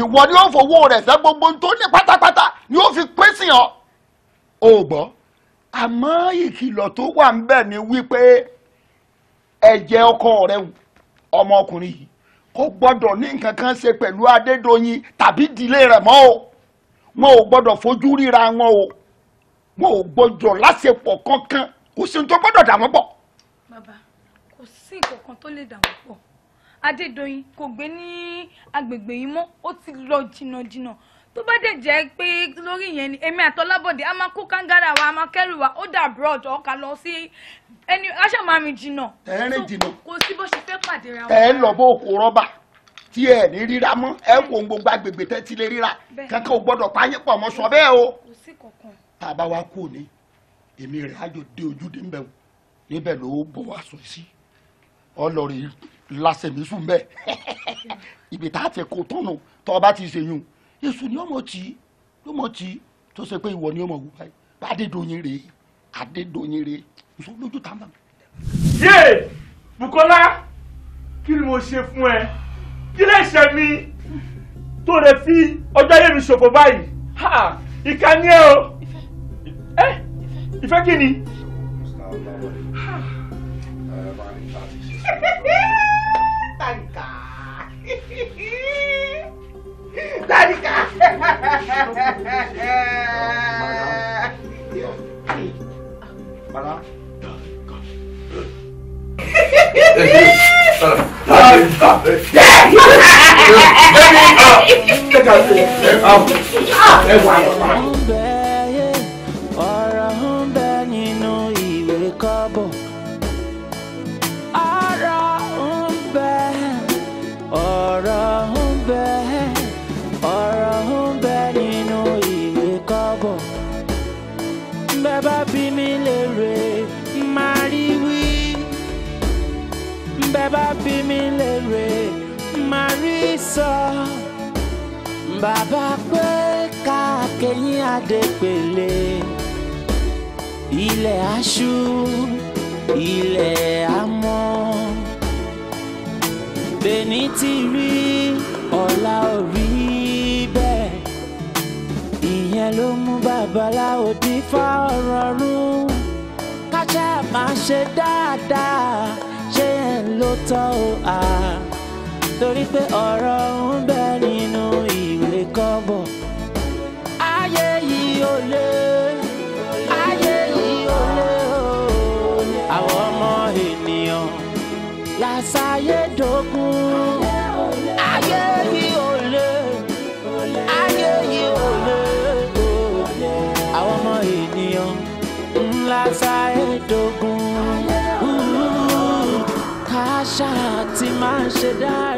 ìwọ ni ó fowó rẹ̀ fẹ́ gbogbo tó ní pátápátá ni ó fi pín sí ọ ò gbọ́ àmọ́ ìkìlọ̀ tó wà ń bẹ̀ ni wípé ẹ̀jẹ̀ ọkọ rẹ̀ ọmọkùnrin yìí kò gbọ́dọ̀ ní nǹkan kan ṣe pẹ̀lú Adédoyin tàbí ìdílé rẹ̀ mọ́ o wọn ò gbọ́dọ̀ fojú ríra wọn o wọn ò gbọ́dọ̀ láṣepọ̀ kankan kò sí ohun tó gbọ́dọ̀ dà wọ́n pọ̀. bàbá kò sí nǹkan kan tó lè dà wọ́n pọ̀ adédọyìn kò gbé ní agbègbè yìí mọ́ ó ti lọ jìnnàjìnnà tó bá dẹ̀ jẹ́ pé lórí yẹn ni èmi àtọ́lábọ̀dé a máa kó kàngàrà wa a máa kẹ́rù wa ó dà broad ọkà lọ sí ẹni aṣàmàmì jìnnà. ẹ ń rìn jìnnà kò sí bó ṣe fẹ́ pàdé ra wọn. ẹ ń lọ bó kó rọ́bà tí ẹ ní ríra mọ́ ẹ kò ń gbogbo agbègbè tẹ́tí lè ríra kankan ò gbọ́dọ̀ pààyàn pọ̀ mọ́ sọ bẹ́ẹ̀ o. kò sí kankan tá a bá wá kú òní èmi rẹ̀ á jọ dé ojúde ń bẹ̀ wò níbẹ̀ ló bọ̀ wá sùn sí ọlọ́rin lásẹ̀mí sùn bẹ́ẹ̀ <laughs> ibi tá a ti kó tọ́nu tọ́ ọ ti ṣèyún èṣù ni ọmọ tì í lọ́mọ tó ṣe pé ìwọ ni ọmọ wù báyìí bá adédọ̀yìn rèé adédọ̀yìn rèé ìṣó lójú tá a mọ̀. yéè Bukola kí ni mo ṣe fún ẹ kí lè ṣe mi tó lè fi ọjọ́ yẹn mi ṣòfò báyìí ìkànnì ẹ o ẹ eh, ìfẹ́ kí ni. tàríkà tàríkà. Madam. Madam. rere máa rí sọ bàbá pé káàkiri adépele ilẹ̀ aṣú ilẹ̀ amọ́ bẹ́ẹ̀ni ti rí ọ̀la orí bẹ́ẹ̀ ìyẹn ló mú babaláwo dífá ọ̀rọ̀ rún kájà máa ṣe dáadáa ṣé ẹ̀ ń lò o à torí pé ọ̀rọ̀ ń bẹ nínú ìwé kọ́bọ̀ ayé yìí ò lé ayé yìí ò lé o àwọn ọmọ ènìyàn làṣàyè. die.